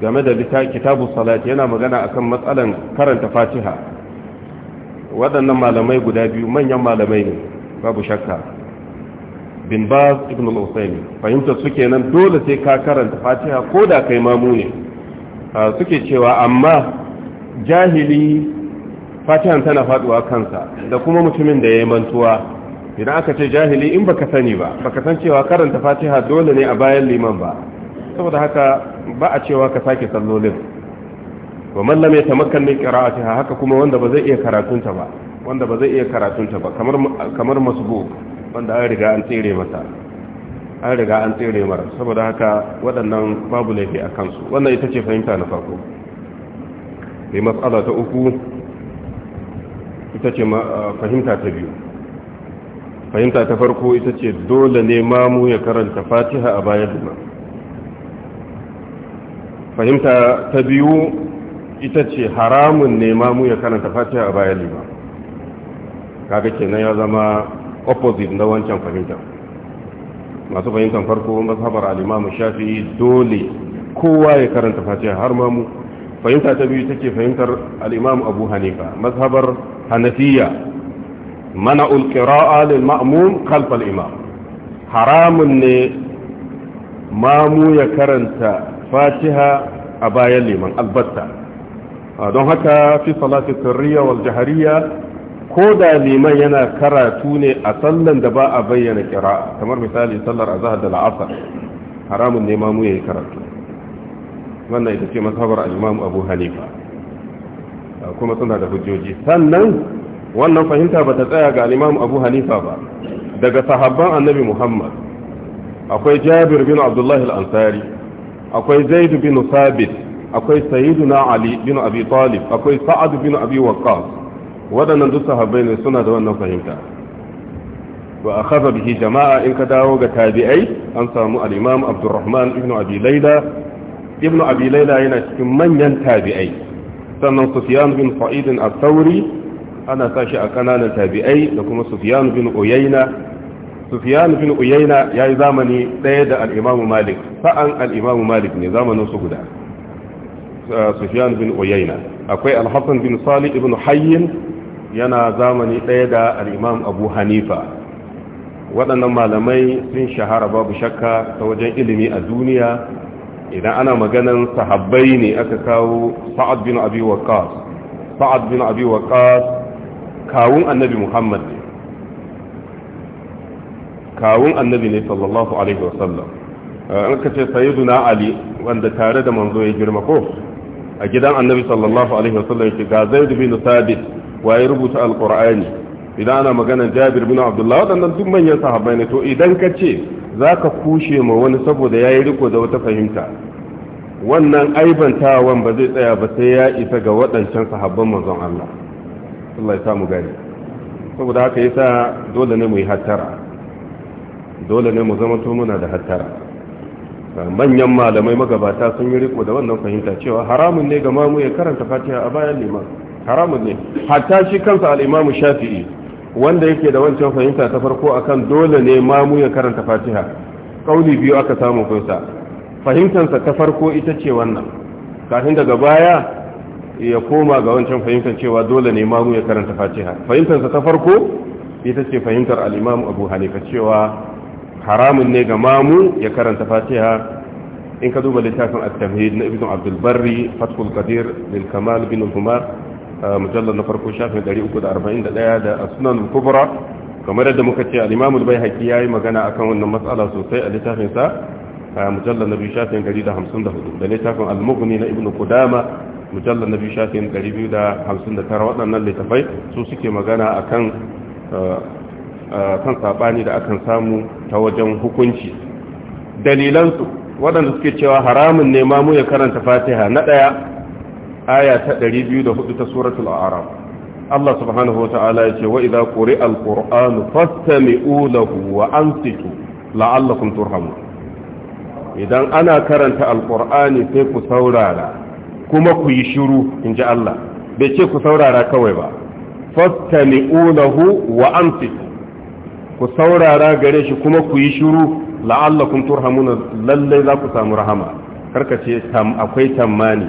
game da kitabu salat yana magana akan matsalan karanta fatiha waɗannan malamai guda biyu manyan malamai ne babu shakka bin baz ibn al-usaimi fahimtar suke nan dole sai ka karanta fatiha ko da kai mamu ne ah, suke cewa amma jahili fatihan tana faduwa kansa da kuma mutumin da ya yi mantuwa idan aka ce jahili in baka sani ba baka san cewa karanta fatiha dole ne a bayan liman ba saboda haka ba a cewa ka sake sallolin wa man lam yatamakkan min qira'atiha haka kuma wanda ba zai iya karatunta ba wanda ba zai iya karatunta ba kamar kamar masbu wanda an riga an tsere masa an riga an tsere mara saboda haka waɗannan babu laifi a kansu wannan ita ce fahimta na farko sai matsala ta uku ita ce fahimta ta biyu fahimta ta farko ita ce dole ne mamu ya karanta fatiha a bayan fahimta ta biyu ita ce haramun ne mamu ya karanta fatiha a bayan liman kaga kenan ya zama opposite na wancan fahimtar masu fahimtar farko mazhabar al-imam shafi'i dole kowa ya karanta fatiha har mamu fahimta ta biyu take fahimtar al-imam abu hanifa mazhabar hanafiya mana qira'a lil ma'mum khalf imam haramun ne mamu ya karanta fatiha a bayan liman albatta don haka fi salati sirriya wal jahariya ko da liman yana karatu ne a sallan da ba a bayyana kira kamar misali sallar azhar da la'asar haramun ne ma mamu yayi karatu wannan ita ce mazhabar al-imam Abu Hanifa kuma suna da hujjoji sannan wannan fahimta bata tsaya ga al-imam Abu Hanifa ba daga sahabban annabi Muhammad akwai Jabir bin Abdullahi al-Ansari akwai zaid bin sabit akwai sayyiduna ali bin abi talib akwai sa'ad bin abi waqqas waɗannan duk sahabbai ne suna da wannan fahimta wa akhadha bihi jama'a in ka dawo ga tabi'ai an samu al-imam abdurrahman ibn abi layla ibn abi layla yana cikin manyan tabi'ai sannan sufyan bin sa'id al-thawri ana sashi a kananan tabi'ai da kuma sufyan bin uyayna sufyan bin uyayna yayi zamani ɗaya da al'imamu malik sa'an al'imamu malik ne zamanin su guda sufyan bin uyayna akwai Alhassan bin salih ibn hayyin yana zamani ɗaya da al'imam abu hanifa waɗannan malamai sun shahara babu shakka ta wajen ilimi a duniya idan ana maganan sahabbai ne aka kawo sa'ad bin abi waqas sa'ad bin abi waqas kawun annabi muhammad kawun annabi ne sallallahu alaihi sallam. Eh, an ka ce sayyiduna ali wanda tare da manzo ya girma ko a gidan annabi sallallahu alaihi sallam, yake ga zaid bin sabit waye rubuta alqur'ani idan ana magana jabir bin abdullah wadannan duk manyan sahabbai ne to idan ka ce zaka kushe ma wani saboda yayi riko da wata fahimta wannan aibantawan ba zai tsaya ba sai ya isa ga waɗancan sahabban manzon Allah Allah ya samu gani. saboda haka yasa dole ne mu yi hattara dole ne mu zama to muna da hattara manyan malamai magabata sun yi riko da wannan fahimta cewa haramun ne ga mamu ya karanta fatiha a bayan liman haramun ne hatta shi kansa al'imamu shafi'i wanda yake da wancan fahimta ta farko akan dole ne mamu ya karanta fatiha kauli biyu aka samu kunsa fahimtansa ta farko ita ce wannan kafin daga baya ya koma ga wancan fahimtar cewa dole ne mamu ya karanta fatiha fahimtansa ta farko ita ce fahimtar al'imamu abu hanifa cewa haramun ne ga mamu ya karanta fatiha in ka duba littafin al tamhid na ibnu abdul barri fatul qadir lil kamal bin umar mujallal na farko shafin 341 da asnan al-kubra kamar yadda muka ce al-imam al bayhaqi yayi magana akan wannan mas'ala sosai a littafin sa mujallal na biyu shafin 154 da littafin al-mughni na ibnu qudama mujallal na biyu shafin 259 waɗannan littafai su suke magana akan kan sabani da akan samu ta wajen hukunci dalilansu waɗanda suke cewa haramun ne mu ya karanta fatiha na ɗaya aya ta 204 ta suratul aram Allah subhanahu wa ta'ala ya ce wa idza quri'a al-qur'anu fastami'u lahu wa ansitu la'allakum turhamun idan ana karanta al-qur'ani sai ku saurara kuma ku yi shiru inji Allah bai ce ku saurara kawai ba fastami'u lahu wa ansitu ku saurara gare shi kuma ku yi shiru la'allakum turhamuna lallai za ku samu rahama karkace ce akwai tammani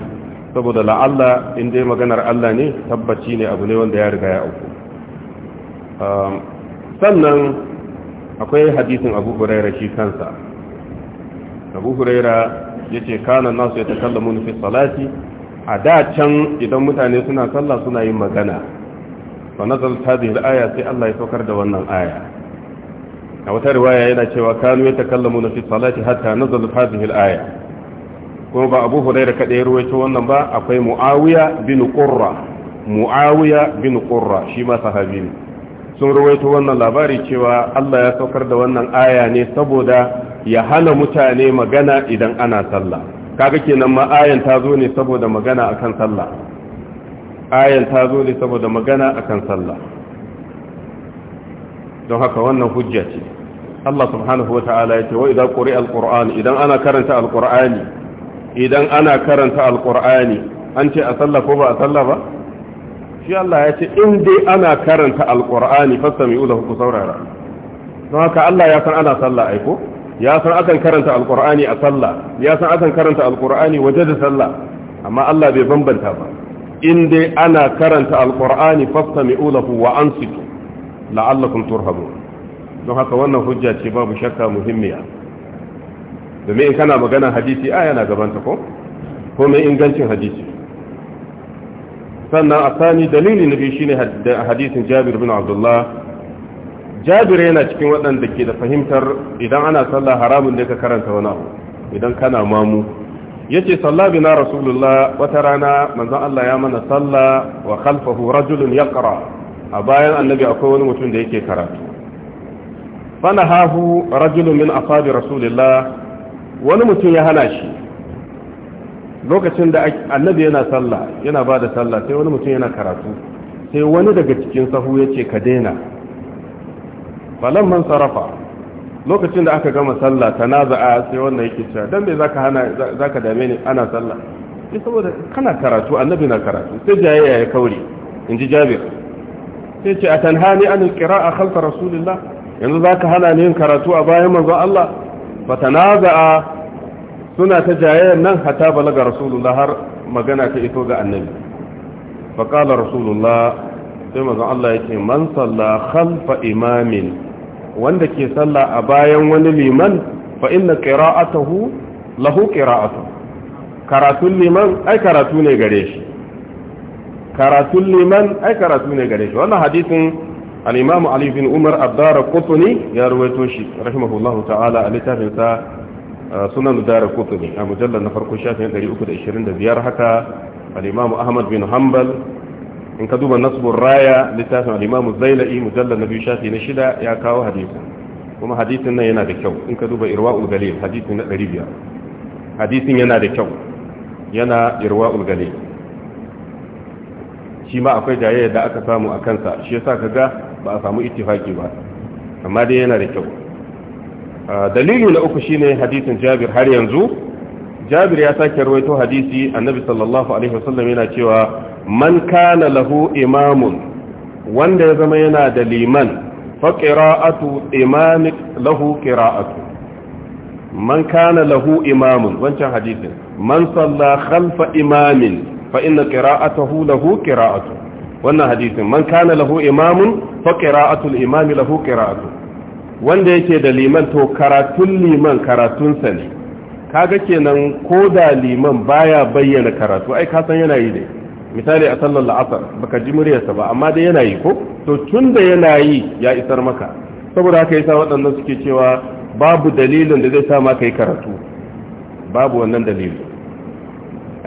saboda la'alla in dai maganar Allah ne tabbaci ne abu ne wanda ya riga ya auku um, sannan akwai hadisin Abu Hurairah shi kansa Abu Hurairah yace kana nasu yatakallamuna fi salati a da can idan mutane suna sallah suna yin magana fa nazal hadhihi aya sai Allah ya saukar da wannan aya a wata riwaya yana cewa kanu ya takallamu na fi salati hatta nazal hadhihi al-aya Ko ba Abu Hurairah kada ya ruwaito wannan ba akwai Muawiya bin Qurra Muawiya bin Qurra shi ma sahabi ne sun ruwaito wannan labari cewa Allah ya saukar da wannan aya ne saboda ya hana mutane magana idan ana sallah kaga kenan ma ayan ta zo ne saboda magana akan sallah ayan ta zo ne saboda magana akan sallah don haka wannan hujja ce Allah subhanahu wa ta'ala ya ce wa idan ƙuri alƙur'ani idan ana karanta alƙur'ani idan ana karanta alƙur'ani an ce a sallah ko ba a sallah ba shi Allah ya ce in dai ana karanta alƙur'ani fastami ulahu ku saurara don haka Allah ya san ana sallah aiko ya san akan karanta alƙur'ani a sallah ya san akan karanta alƙur'ani waje da sallah amma Allah bai bambanta ba in dai ana karanta alƙur'ani fastami ulahu wa ansitu la'allakum turhamun don haka wannan hujja ce babu shakka muhimmiya domin in kana magana hadisi aya na gabanta ko ko mai ingancin hadisi sannan a sani dalili na biyu shine hadisin jabir bin abdullah jabir yana cikin waɗanda ke da fahimtar idan ana sallah haramun ne ka karanta wani abu idan kana mamu yace salla bina rasulullah wata rana manzon Allah ya mana salla wa khalfahu rajulun yaqra a bayan annabi akwai wani mutum da yake karatu Fana hahu rajulun min asabi rasulillah wani mutum ya hana shi lokacin da annabi yana sallah yana ba da sallah sai wani mutum yana karatu sai wani daga cikin sahu ya ce ka daina man sarrafa lokacin da aka gama sallah ta za'a sai wannan yake cewa don bai za ka dame ni ana sallah sai eh, saboda kana karatu annabi na karatu sai jaye ya kauri in ji jabir sai ce a tanhani an a khalfa rasulillah yanzu za ka hana ni yin karatu a bayan manzo Allah fatanaza'a suna ta jayayyar nan hatta balaga rasulullah har magana ta ito ga annabi faqala rasulullah sai manzo Allah yake man sallah khalfa imamin wanda ke sallah a bayan wani liman fa inna qira'atuhu lahu qira'atu karatun liman ai karatu ne gare shi karatun liman ai karatu ne gare shi wannan hadisin al-imam ali bin umar abdara qutni ya ruwaito shi rahimahullahu ta'ala a littafin sa uh, dara qutni a mujallal na farko shafin 325 haka al-imam bin hanbal in ka duba nasbur raya littafin al zailai mujallar na biyu shafi na shida ya kawo hadisin kuma hadisin nan yana da kyau in ka duba irwa'ul na yana da kyau yana shi ma akwai jayayyar da aka samu a kansa shi ka ga ba a samu ittifaki ba amma dai yana da kyau dalili na uku shine hadisin Jabir har yanzu Jabir ya sake rawaito hadisi Annabi sallallahu alaihi wasallam yana cewa man kana lahu imamun wanda ya zama yana da liman fa qira'atu lahu qira'atu man kana lahu imamun wancan hadisin man salla khalfa imamin fa inna qira'atahu lahu qira'atu wannan hadisin man kana lahu imamun fa qira'atul imami lahu qira'atu wanda yake da liman to karatun liman karatun sa ne kaga kenan ko da liman baya bayyana karatu ai ka san yana yi dai. misali a sallar la'asar baka ji muryarsa ba amma dai yana yi ko to tunda yana yi ya isar maka saboda haka yasa waɗannan suke cewa babu dalilin da zai sa ma yi karatu babu wannan dalilin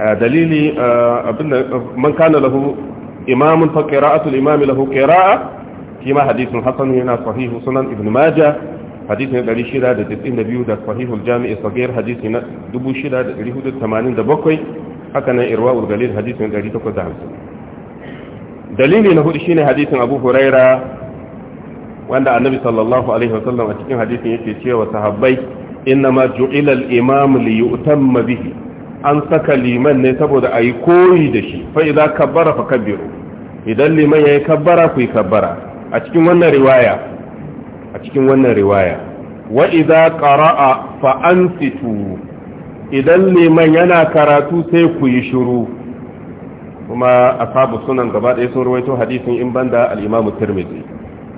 آه، دليلي آه، من كان له إمام فقراءة الإمام له قراءة كما حديث الحسن هنا صحيح سنن ابن ماجة حديث دليل شراء دلتين دبيو دل صحيح الجامع الصغير حديث دبو شراء دليل دل ثمانين دبوكي حكنا إرواء الغليل حديث دليل تقو دعمس دليلي له إشين حديث أبو هريرة وأن النبي صلى الله عليه وسلم أتكين حديث يتشير وصحبي إنما جعل الإمام ليؤتم به an saka liman ne saboda a yi koyi da shi fa idan kabbara fa kabbiru idan liman ya yi kabbara ku yi kabbara a cikin wannan riwaya a cikin wannan riwaya wa idan qara'a fa ansitu idan liman yana karatu sai ku yi shuru, kuma ashabu sunan gaba ɗaya sun ruwaito hadisin in banda al-imamu tirmidhi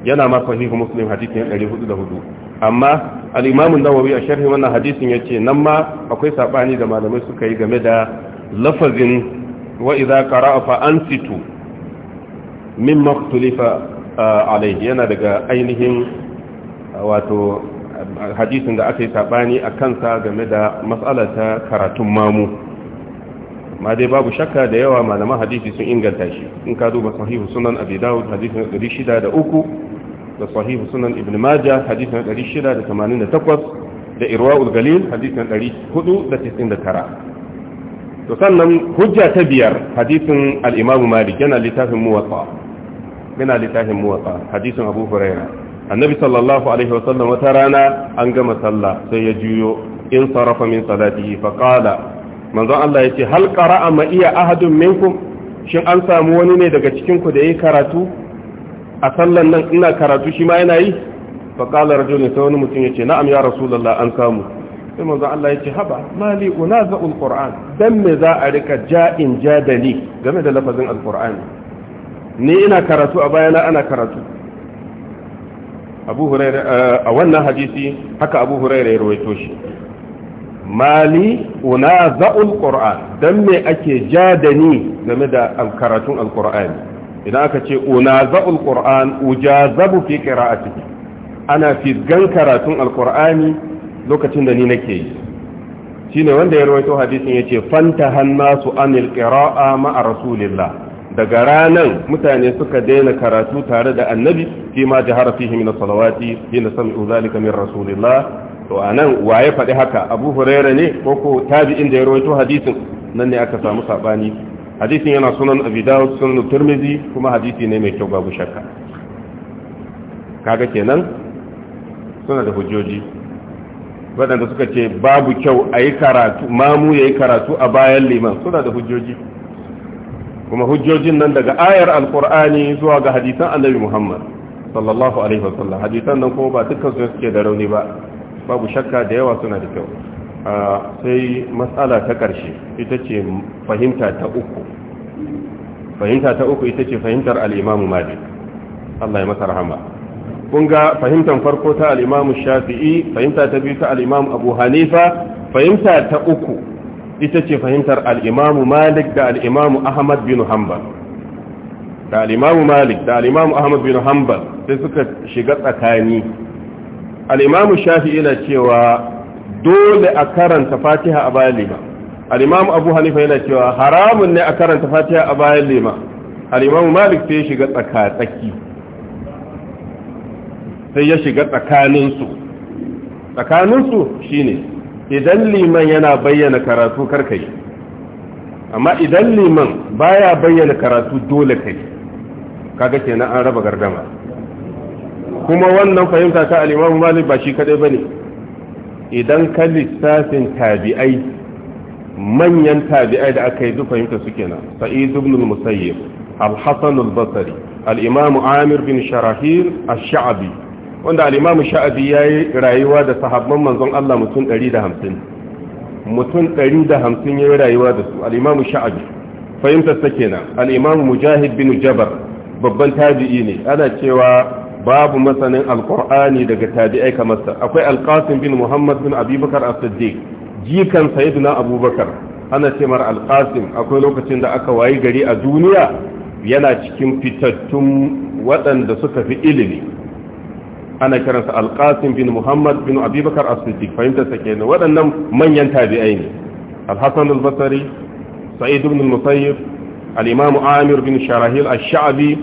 yana ma sahihu muslim hadisin 404 amma al'imamun nawawi a sharhi wannan hadisin ya ce nan ma akwai saɓani da malamai suka yi game da lafazin wa'iza iza ƙara'a fa an fito min maktulifa yana daga ainihin wato hadisin da aka yi saɓani a kansa game da matsalata karatun mamu ma dai babu shakka da yawa malaman hadisi sun inganta shi in ka duba sahihu sunan abi dawud hadisin uku. da sahihu sunan ibn majah hadith na 688 da irwaul galil hadith na 499 to sannan hujja ta biyar hadithin al-imam malik yana littafin muwatta yana littafin muwatta hadithin abu huraira annabi sallallahu alaihi wasallam wata rana an gama sallah sai ya juyo in sarafa min salatihi fa qala manzon Allah yace hal qara'a ma iya ahadun minkum shin an samu wani ne daga cikin ku da yayi karatu a sallan nan ina karatu shi ma yana yi fa qala rajulun sai wani mutum yace na'am ya rasulullah an kamu sai manzo Allah yace haba mali unaza alquran dan me za a rika ja'in jadali game da lafazin alqur'ani ni ina karatu a bayana ana karatu abu hurairah eh, a wannan hadisi haka abu hurairah ya rawaito shi mali una za'ul dan me ake jadani game da karatun alqur'ani idan aka ce unaza'ul qur'an ujazabu fi qira'atihi ana fisgan karatun alqur'ani lokacin da ni nake yi shine wanda ya rawaito hadisin yace fanta hannasu anil qira'a ma'a rasulillah daga ranan mutane suka daina karatu tare da annabi fi ma jahara fihi min salawati hina sami'u zalika min rasulillah to anan waye faɗi haka abu huraira ne ko ko tabi'in da ya rawaito hadisin nan ne aka samu sabani hadisin yana sunan abi sunan turmizi kuma hadisi ne mai kyau babu shakka kaga kenan suna da hujjoji waɗanda suka ce babu kyau a yi karatu mamu ya yi karatu a bayan liman suna da hujjoji kuma hujjojin nan daga ayar alkur'ani zuwa ga hadisan annabi muhammad sallallahu alaihi wasallam hadisan nan kuma ba dukkan su suke da rauni ba babu shakka da yawa suna da kyau ah, sai matsala ta ƙarshe ita ce fahimta ta uku fahimta ta uku ita ce fahimtar al'imamu malik Allah ya masa rahama kun ga fahimtar farko ta al'imamu shafi'i fahimta ta biyu ta al'imamu abu hanifa fahimta ta uku ita ce fahimtar al'imamu malik da al'imamu ahmad bin hanbal da al'imamu malik da al'imamu ahmad bin hanbal sai suka shiga tsakani al'imamu shafi'i na cewa dole a karanta fatiha a bayan baliba al-imam abu hanifa yana cewa haramun ne a karanta fatiha a bayan lema al-imam malik sai ya shiga tsakatsaki tsaki sai ya shiga tsakaninsu tsakaninsu shine idan liman yana bayyana karatu karkai amma idan liman baya bayyana karatu dole kai kaga kenan an raba gardama kuma wannan fahimta ta al-imam malik ba shi kadai bane idan ka lissafin tabi'ai manyan tabi'ai da aka yi duk fahimta su kenan sa'id ibn al-musayyib al-hasan al-basri al-imam amir bin sharahil ash-sha'bi wanda al-imam sha'bi yayi rayuwa da sahabban manzon Allah mutum 150 mutum 150 yayi rayuwa da su al-imam sha'bi fahimta su kenan al-imam mujahid bin jabar babban tabi'i ne ana cewa babu masanin al-qur'ani daga tabi'ai kamar sa akwai al-qasim bin muhammad bin abubakar as-siddiq jikan sayyidina abubakar ana ce mar alqasim akwai lokacin da aka wayi gari a duniya yana cikin fitattun waɗanda suka fi ilimi ana kiransa alqasim bin muhammad bin abubakar as-siddiq fahimta sa kenan waɗannan manyan tabi'ai ne al-hasan al sa'id ibn musayyib al-imam amir bin sharahil ash-sha'bi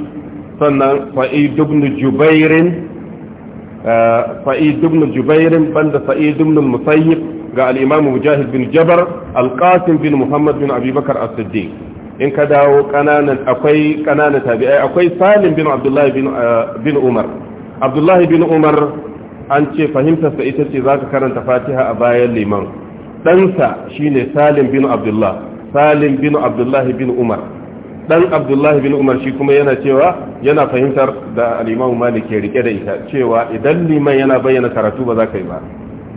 sannan sa'id ibn jubair eh, sa'id ibn jubair banda sa'id ibn musayyib ga al mujahid bin jabar alƙasin bin muhammad bin abubakar as in ka dawo kananan akwai kananan tabi'ai akwai salim bin abdullahi uh, bin umar abdullahi bin umar an ce fahimtarsa ita ce za ka karanta fatiha a bayan liman ɗansa shine salim bin abdullah salim bin abdullahi bin umar dan abdullahi bin umar shi kuma yana cewa yana fahimtar da al'imamu malik ke rike da ita cewa idan liman yana bayyana karatu ba za ka yi ba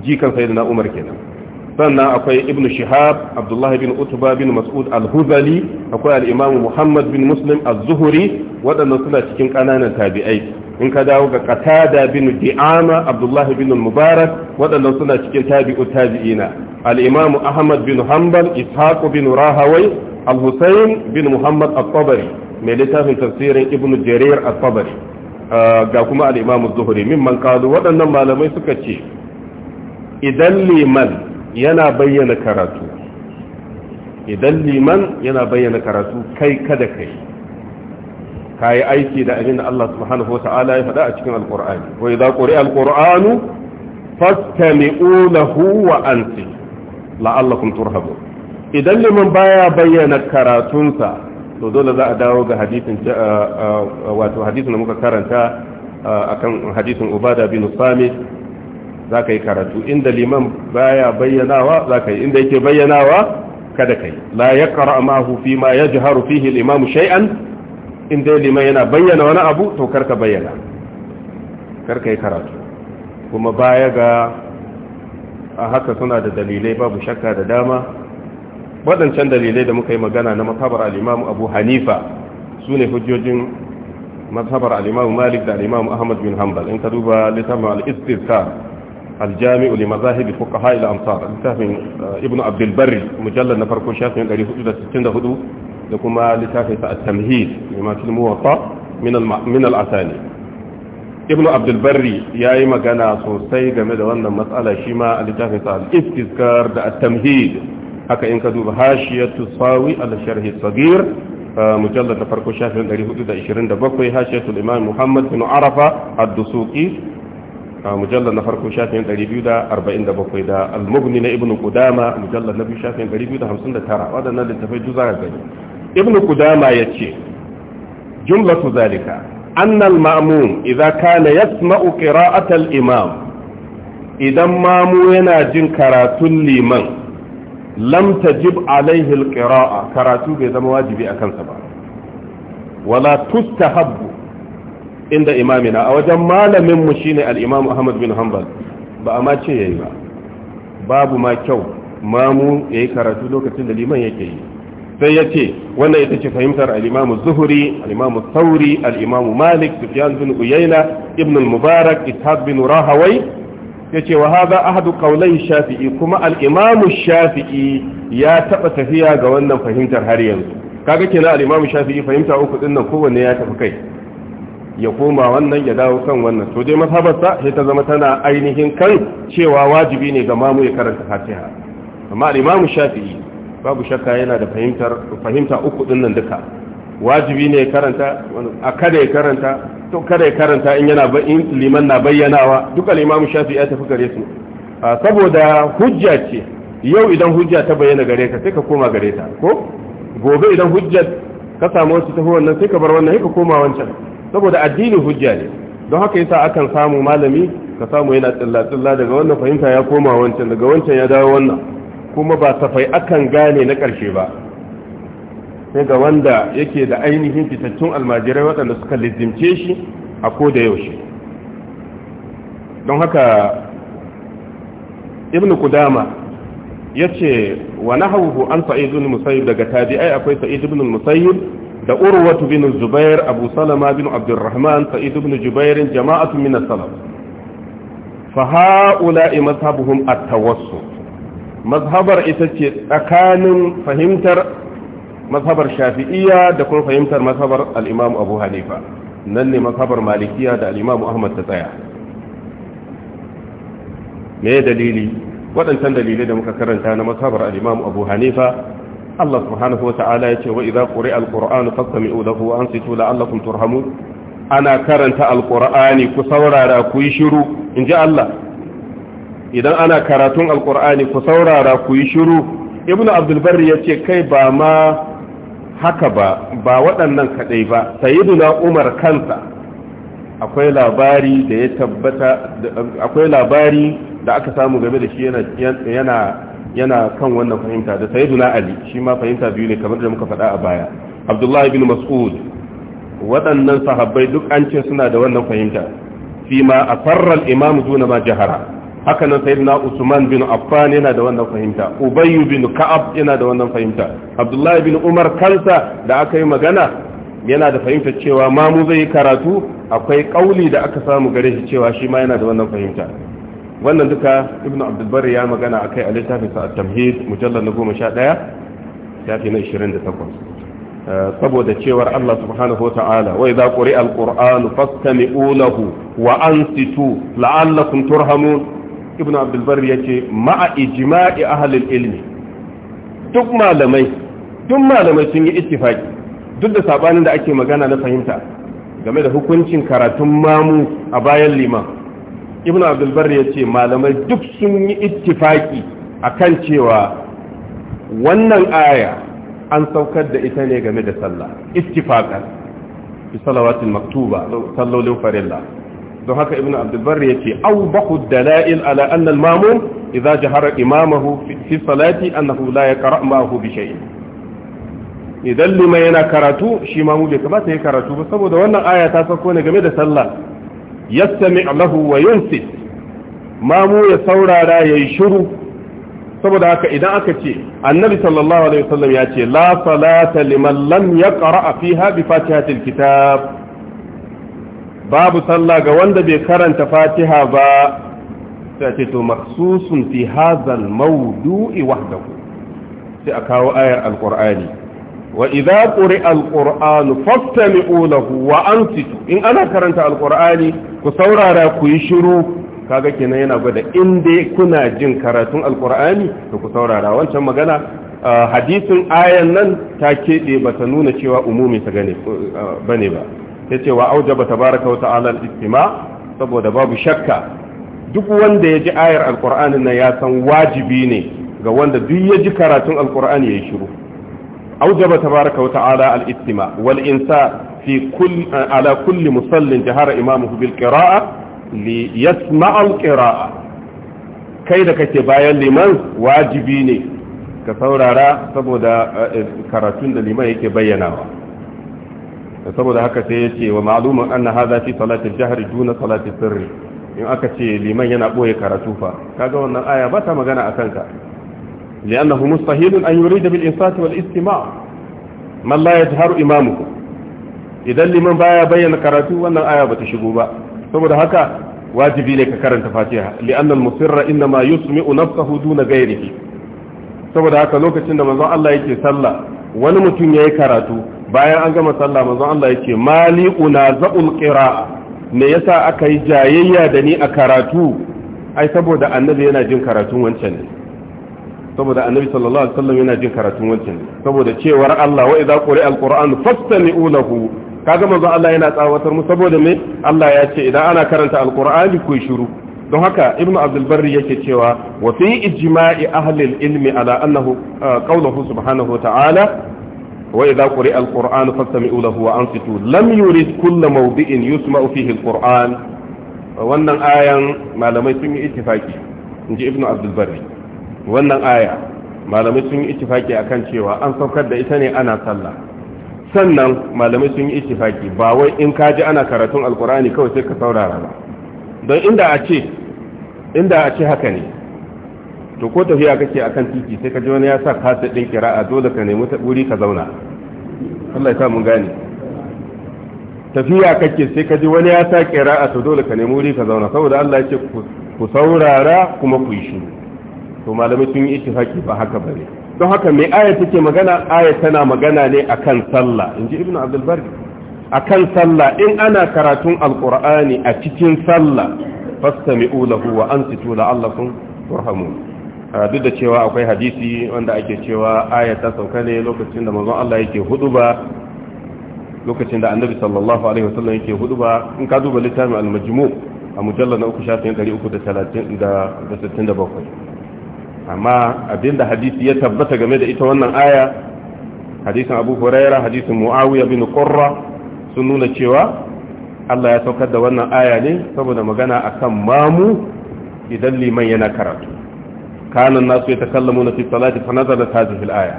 jikan sayyidina umar kenan sannan akwai ibnu shihab abdullahi bin utba bin mas'ud al-huzali akwai al-imam muhammad bin muslim az-zuhri waɗannan suna cikin ƙananan tabi'ai in ka dawo ga qatada bin di'ama abdullahi bin mubarak waɗannan suna cikin tabi'u tabi'ina al-imam ahmad bin hanbal ishaq bin rahawai al-husayn bin muhammad at-tabari mai littafin tafsirin ibnu jarir at-tabari ga kuma al-imam az-zuhri mimman qalu waɗannan malamai suka ce idan liman yana bayyana karatu idan liman yana bayyana karatu kai kada kai kayi aiki da abin da Allah subhanahu wata'ala ya faɗa a cikin alƙur'ani ko idza quri'a alqur'anu fastami'u lahu wa anti la'allakum turhabu idan liman baya bayyana karatunsa to dole za a dawo ga hadisin eh, eh, wato hadisin da muka karanta eh, akan hadisin ubada bin samit za ka yi karatu inda liman baya bayyanawa za ka yi inda yake bayyanawa kada kai. yi la ya kara ma hufi ma ya haru fihi limamu Shai'an, inda liman yana bayyana wani abu to karka bayyana karka yi karatu kuma baya ga a haka suna da dalilai babu shakka da dama waɗancan dalilai da muka yi magana na matabar alimamu abu hanifa su ne hujjojin matabar alimamu malik da alimamu ahmad bin hanbal in ka duba littafin al'istirka aljami'u li mazahib fuqaha ila amsar littafin ibn abd albarri mujallal na farko shafin 464 da kuma littafin sa at-tamhid lima fil muwatta min al min asani ibn abd albarri yayi magana sosai game da wannan matsalar shima ma a littafin al-istizkar da at-tamhid haka in ka duba hashiyatu sawi al-sharh as-saghir مجلد فرق الشافعي 427 الإمام محمد بن عرفة الدسوقي mujallar na farko shafin 247 da al-mughni na ibnu Kudama mujallar na biyu shafin 259 wadannan littafai duk za ka gani ibnu qudama yace jumlatu zalika anna al-ma'mum idza kana yasma'u qira'ata al-imam idan mamu yana jin karatun liman lam tajib alaihi al-qira'a karatu bai zama wajibi a kansa ba wala tustahabbu inda imamina a wajen malamin mu shine al'imam Ahmad bin Hanbal ba a mace ya yayi ba babu ma kyau mamu yi karatu lokacin da liman yake yi sai yace wannan ita ce fahimtar al'imamu imam al'imamu Sauri, imam Malik Sufyan bin Uyaina, Ibn mubarak Ishaq bin Rahawai yace wa hadha ahadu qawlai Shafi'i kuma al'imamu Shafi'i ya taɓa tafiya ga wannan fahimtar har yanzu kaga kenan al-imam Shafi'i fahimta uku nan kowanne ya tafi kai ya koma wannan ya dawo kan wannan to dai mafabarsa sai ta zama tana ainihin kan cewa wajibi ne ga mamu ya karanta fatiha amma al-imamu shafi'i babu shakka yana da fahimtar fahimta uku din nan duka wajibi ne ya karanta a kada ya karanta to kada ya karanta in yana in liman na bayyanawa duk al-imamu shafi'i ya tafi gare su saboda hujja ce yau idan hujja ta bayyana gare ka sai ka koma gare ta ko gobe idan hujja ka samu wasu tafi wannan sai ka bar wannan sai ka koma wancan saboda addini hujja ne don haka yasa akan samu malami ka samu yana tsilla-tsilla daga wannan fahimta ya koma wancan daga wancan ya dawo wannan kuma ba safai akan gane na karshe ba sai ga wanda yake da ainihin fitattun almajirai waɗanda suka lizimce shi a ko da yaushe don haka ibn kudama ya ce wa nahawu an sa'idun musayyib daga tabi'ai akwai sa'id ibn musayyib da urwatu bin zubair abu salama bin abdurrahman sa'id ibn jubair jama'atu min as-salaf fa haula'i mazhabuhum at-tawassul mazhabar ita ce tsakanin fahimtar mazhabar shafi'iyya da kuma fahimtar mazhabar al-imam abu hanifa nan ne mazhabar malikiya da al-imam ahmad ta tsaya me dalili waɗancan dalilai da muka karanta na mazhabar al-imam abu hanifa Allah subhanahu wa ta'ala ya ce wa idza quri'a al-qur'anu fastami'u lahu wa ansitu la'allakum turhamun ana karanta al-qur'ani ku saurara ku yi shiru inji Allah idan ana karatun al-qur'ani ku saurara ku yi shiru ibnu abdul barri yace kai ba ma haka ba ba waɗannan kadai ba sayyiduna umar kansa akwai labari da ya tabbata akwai labari da aka samu game da shi yana yana yana kan wannan fahimta da sayyiduna ali shi ma fahimta biyu ne kamar da muka faɗa a baya abdullahi bin mas'ud waɗannan sahabbai duk an ce suna da wannan fahimta fi ma asarra al-imam duna ma jahara haka nan sayyiduna usman bin affan yana da wannan fahimta ubay bin ka'ab yana da wannan fahimta abdullahi bin umar kansa da aka yi magana yana da fahimta cewa ma mu zai karatu akwai kauli da aka samu gare shi cewa shi ma yana da wannan fahimta wannan duka ibn bari ya magana a kai a littafinsa a tamhid mujallar na goma sha ɗaya shafi na ishirin da takwas eh, saboda cewar Allah subhanahu wa ta'ala wai za ƙuri alƙur'anu fastami ulahu wa an situ la'allakum turhamun ibn abdulbar ya ce ma'a ijima'i ahalil ilmi duk malamai duk malamai sun yi ittifaki duk da sabanin da ake magana na fahimta game da hukuncin karatun mamu a bayan liman ibn abdulbar ya ce malamai duk sun yi ittifaki akan cewa wannan aya an saukar da ita ne game da sallah ittifaqan fi salawatil maktuba sallolin farilla don haka ibn abdulbar ya ce au bahu dalail ala anna al ma'mum idza jahara imamahu fi salati annahu la yaqra ma'ahu bi shay'in idan lima yana karatu shi ma mu bai kamata ya karatu ba saboda wannan aya ta sauko ne game da sallah yastami lahu wa yunsi mamu ya saurara yayi shiru saboda haka idan aka ce annabi sallallahu alaihi wasallam ya ce la salata liman lam yaqra fiha bi fatihatil kitab babu sallah ga wanda bai karanta fatiha ba Ta ce to makhsusun fi hadha mawdui wahdahu sai a kawo ayar alqur'ani وإذا قرئ القرآن فاستمعوا له وأنصتوا In ana karanta القرآن ku saurara ku yi shiru kaga kenan yana gwada inda kuna jin karatun alkur'ani to ku saurara wancan magana hadisin ayan nan ta keɓe ba ta nuna cewa umumi ta gane bane ba ta ce wa aujaba tabaraka wa ta'ala al-istima saboda babu shakka duk wanda ya ji ayar alkur'ani nan ya san wajibi ne ga wanda duk ya ji karatun alkur'ani ya yi shiru aujaba tabaraka wa ta'ala al-istima wal insa fi kull ala kulli musallin jahara imamuhu bil qira'a li yasma'a qira'a kai da kake bayan liman wajibi ne ka saurara saboda karatun da liman yake bayyanawa saboda haka sai yace wa ma'lumun anna hadha fi salati al-jahri duna salati sirri in aka ce liman yana boye karatu fa Ka ga wannan aya ba ta magana akan ka li'annahu mustahilun an yurida bil insati wal istima' man la yajharu imamuhu idan liman baya bayyana karatu wannan aya bata shigo ba saboda haka wajibi ne ka karanta fatiha li'anna al-musirra inna ma yusmi'u nafsahu duna ghayrihi saboda haka lokacin da manzon Allah yake sallah wani mutum yayi karatu bayan an gama sallah manzon Allah yake mali unaza'ul qira'a me yasa aka yi jayayya da ni a karatu ai saboda annabi yana jin karatun wancan ne saboda annabi sallallahu alaihi wasallam yana jin karatun wancan saboda cewar Allah wa idza quri'a alquran fastami'u lahu kaga manzo Allah yana tsawatar mu saboda me Allah ya ce idan ana karanta alqur'ani ku shiru don haka ibnu abdul barri yake cewa wa fi ijma'i ahli ilmi ala annahu uh, qawluhu subhanahu wa ta'ala wa idza quri'a alqur'anu fastami'u lahu wa ansitu lam yurid kullu mawdi'in yusma'u fihi alqur'an wannan ayan malamai sun yi ittifaki inji ibnu abdul barri wannan aya malamai sun yi ittifaki akan cewa an saukar da ita ne ana sallah sannan malamai sun yi ittifaki ba wai in ka ji ana karatun alkur'ani kawai sai ka saurara ba don inda a ce inda a ce haka ne to ko tafiya kake akan titi sai ka ji wani ya sa kasa din kira'a dole ka nemi wuri ka zauna Allah ya sa mun gane tafiya kake sai ka ji wani ya sa kira'a to dole ka nemi wuri ka zauna saboda Allah ya ce ku saurara kuma ku yi shi to malamai sun yi ittifaki ba haka bane don haka mai aya take magana aya tana magana ne akan sallah in ji ibn abdulbari akan sallah in ana karatun alkur'ani a cikin sallah fastami'u lahu wa ansitu la'allakum turhamun duk da cewa akwai hadisi wanda ake cewa aya ta sauka ne lokacin da manzon Allah yake ba, lokacin da annabi sallallahu alaihi wasallam yake ba, in ka duba littafin almajimu a mujallal na 3 shafin 337 amma abinda hadisi ya tabbata game da ita wannan aya hadisin abu huraira hadisin muawiya bin qurra sun nuna cewa Allah ya saukar da wannan aya ne saboda magana akan mamu idan liman yana karatu kana nasu ya takallamu na fi salati fa nazalat hadhihi al-aya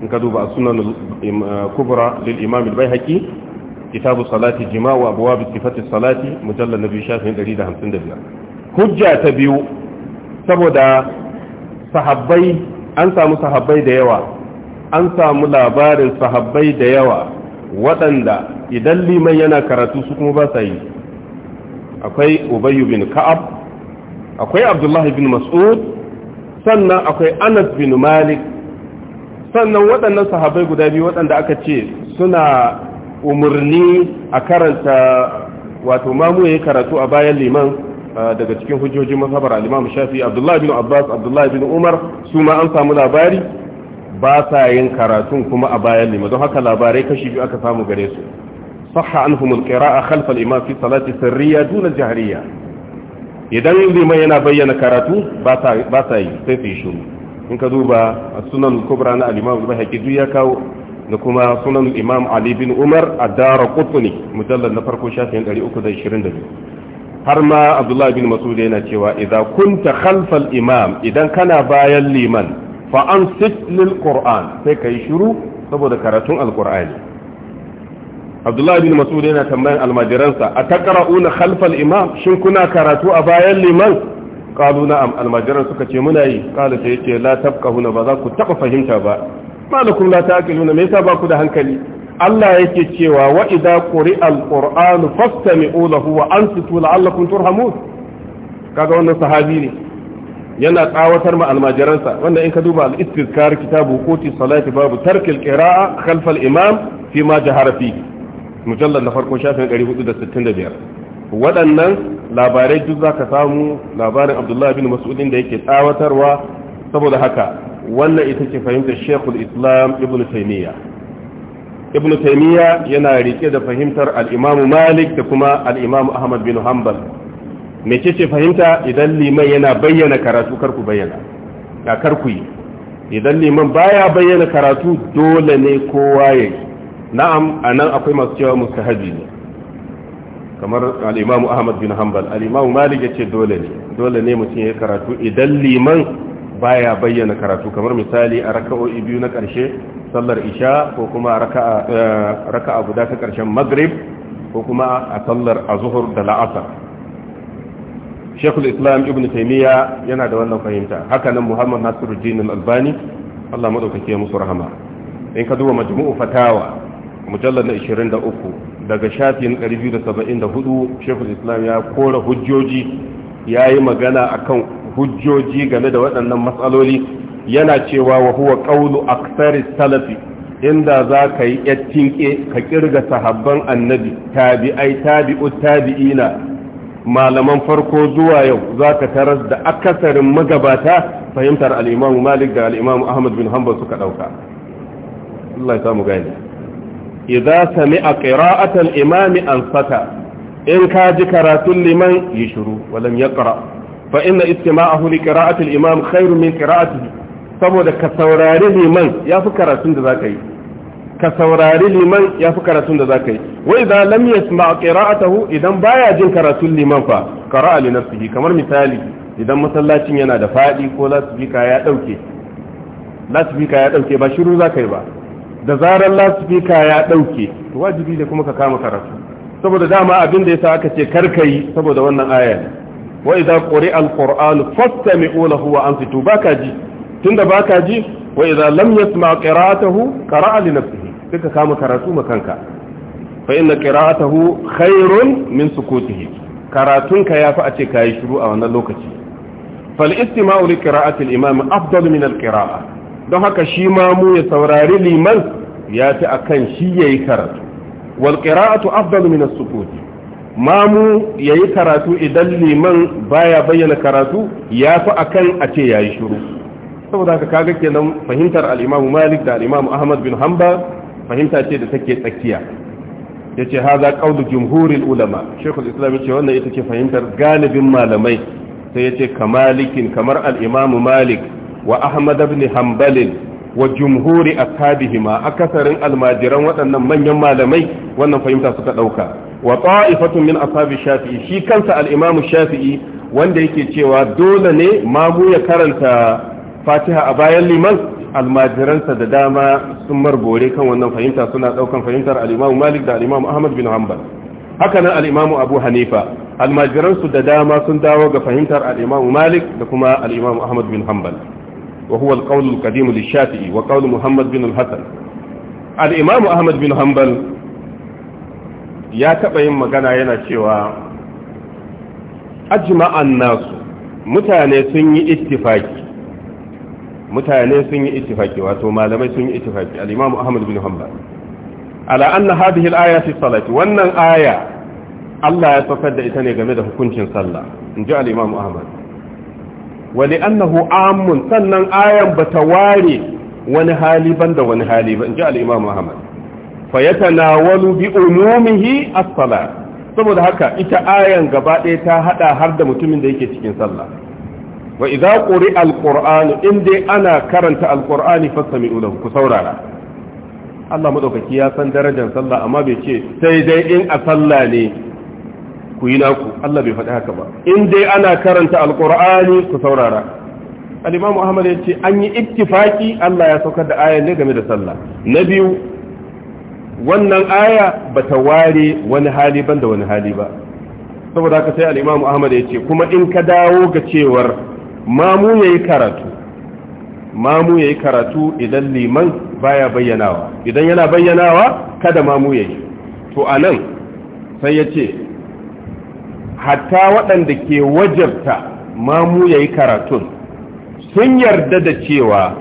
in ka duba sunan uh, kubra lil imam bai baihaqi Kitabu salati jima'u wa abwab sifati salati mujallad nabi shafin 155 hujja ta biyu saboda sahabbai an samu sahabbai da yawa an samu labarin sahabbai da yawa waɗanda idan liman yana karatu su kuma ba sa yi akwai ubayyu bin ka'ab akwai abdullahi bin mas'ud sannan akwai anas bin malik sannan waɗannan sahabbai guda biyu waɗanda aka ce suna umarni a karanta wato mamu ya karatu a bayan liman daga cikin hujjojin mazhabar al-Imam Shafi Abdullah bin Abbas Abdullah bin Umar su ma an samu labari ba sa yin karatun kuma a bayan lima don haka labarai kashi biyu aka samu gare su sahha anhum al-qira'a khalf al-imam fi salati sirriya dun al-jahriyya idan liman yana bayyana karatu ba sa ba sa yi sai su shiru in ka duba a sunan al-kubra na al-imam al duk ya kawo da kuma sunan imam Ali bin Umar a ad-Darqutni mujallad na farko shafin 322 har ma abdullah bin masud yana cewa idza kunta khalfal imam idan kana bayan liman fa lil qur'an sai kai shiru saboda karatun alqur'ani abdullah bin masud yana tambayan almajiransa ataqra'una khalfal imam shin kuna karatu a bayan liman qalu na'am almajiran suka ce muna yi qala sai yace la tafqahuna ba za ku taba fahimta ba malakum la taqiluna me yasa ba ku da hankali Allah yake cewa wa idza quri'a al-qur'anu fastami'u lahu wa ansitu la'allakum turhamun kaga wannan sahabi ne yana tsawatar ma almajiransa wanda in ka duba al-istizkar kitabu quti salati babu tarkil qira'a khalf al-imam fi ma jahara fihi mujallal na farko shafin 465 waɗannan labarai duk zaka samu labarin Abdullah bin Mas'udin da yake tsawatarwa saboda haka wannan ita ce fahimtar Sheikhul Islam Ibn Taymiyyah ibnu taymiya yana rike da fahimtar al'imamu malik da kuma al'imamu ahmad bin hanbal ce fahimta idan liman yana bayyana karatu kar ku bayyana ya kar ku yi idan liman baya bayyana karatu dole ne kowa ya yi na'am nan akwai masu cewa mustahabi ne kamar al'imamu ahmad bin hanbal al'imamu malik ya ce dole ne dole ne mutum ya karatu idan liman baya bayyana karatu kamar misali a raka'o'i biyu na ƙarshe sallar isha ko kuma eh, raka'a guda ta ƙarshen maghrib ko kuma a sallar azuhur da la'asar shekul islam ibn taimiyya yana da wannan fahimta hakanan muhammad nasiruddin albani allah maɗaukake musu rahama in ka duba majmu'u fatawa mujallar na 23 daga shafin 274 shekul islam ya kora hujjoji ya yi magana akan hujjoji game da waɗannan matsaloli yana cewa wa huwa aksari aktsaris salafi inda za ka yi yattinke ka ƙirga sahabban annabi tabi'ai tabi'u, tabi'ina malaman farko zuwa yau za ka taras da akasarin magabata fahimtar al'imamu malik da al'imamu ahmad bin hanbal suka ɗauka Allah ya samu gani idan sami a imami an in ka ji karatun liman yi shuru walam ya fa inna istima'ahu li qira'ati al-imam khairun min qira'atihi saboda ka saurari liman yafi karatun da zaka yi ka saurari liman yafi karatun da zaka yi wa idza lam yasma' qira'atahu idan baya jin karatun liman fa qara'a li nafsihi kamar misali idan masallacin yana da fadi ko lasbika ya dauke lasbika ya dauke ba shiru zaka yi ba da zarar lasbika ya dauke wajibi ne kuma ka kama karatu saboda dama abin da yasa aka ce yi saboda wannan ayar. wa idza quri'a al-qur'an fastami'u lahu wa baka ji tunda baka ji wa idza lam yasma qira'atahu qara'a li nafsihi duka kama karatu makanka fa inna qira'atahu khairun min sukutihi karatunka yafi a ce kai shiru a wannan lokaci fal istima'u li qira'ati al-imam afdalu min al-qira'a don haka shi ma mu ya saurari liman yafi akan shi yayi karatu wal qira'atu afdalu min as-sukuti mamu ya yi karatu idan liman baya bayyana karatu ya fi a kan a ce ya yi shuru saboda haka kaga kenan fahimtar al'imamu malik da al'imamu ahmad bin hamba fahimta ce da take tsakiya ya ce haza ƙaunar jumhurin ulama shekul islam ce wannan ita ce fahimtar galibin malamai sai ya ce kamalikin kamar al'imamu malik wa ahmad bin hambalin wa jumhuri ashabihima akasarin almajiran waɗannan manyan malamai wannan fahimta suka ɗauka wa ta'ifatun min ashabi shafi'i shi kansa al-imam shafi'i wanda yake cewa dole ne mamu ya karanta fatiha a bayan liman almajiransa da dama sun marbore kan wannan fahimta suna daukan fahimtar al-imam malik da al-imam ahmad bin hanbal haka nan al-imam abu hanifa almajiransu da dama sun dawo ga fahimtar al-imam malik da kuma al-imam ahmad bin hanbal wa huwa al-qawl al-qadim lishafii wa qawl muhammad bin al-hasan al-imam ahmad bin hanbal ya taɓa yin magana yana cewa ajma'an nasu mutane sun yi ittifaki mutane sun yi ittifaki wato malamai sun yi ittifaki al-imamu ahmad bin hanbal ala anna hadhihi al-aya fi salati wannan aya Allah ya saukar da ita ne game da hukuncin sallah inji al-imamu ahmad wa li'annahu amun sannan ayan ta ware wani hali ban da wani hali ba inji al-imamu ahmad fa yatanawalu bi umumihi as saboda haka ita ayan gaba ɗaya ta hada har da mutumin da yake cikin sallah wa idza quri al-qur'an in dai ana karanta al-qur'ani fastami'u lahu ku saurara Allah madaukaki ya san darajar sallah amma bai ce sai dai in a sallah ne ku yi naku Allah bai faɗi haka ba in dai ana karanta al-qur'ani ku saurara al-imamu ahmad ya ce an yi ittifaki Allah ya saukar da ayan ne game da sallah na biyu wannan aya ba ta ware wani hali ban da wani hali ba saboda haka sai al Ahmad ya ce kuma in ka dawo ga cewar mamu yayi karatu mamu yayi karatu idan liman baya bayyanawa idan yana bayyanawa kada mamu yayi to anan sai ya ce hatta waɗanda ke wajabta mamu yayi karatun sun yarda da cewa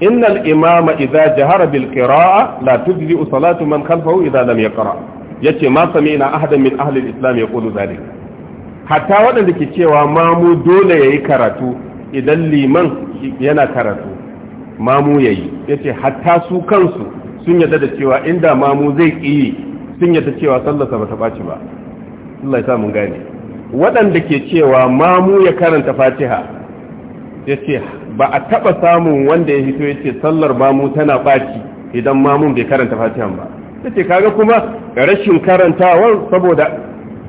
innal imama idza jahara bil qira'a la tujzi salatu man khalfahu idza lam yaqra yace ma sami'na ahadan min ahli al-islam yaqulu dhalik hatta waɗanda ke cewa mamu dole yayi karatu idan liman yana karatu mamu yayi yace hatta su kansu sun yadda da cewa inda mamu zai yi sun yadda cewa sallarsa bata baci ba Allah ya sa mun waɗanda ke cewa mamu ya karanta Fatiha ya ce ba a taɓa samun wanda ya hito ya ce sallar mamu tana ɓaci idan mamun bai karanta fatihan ba ya ce kaga kuma rashin karantawar saboda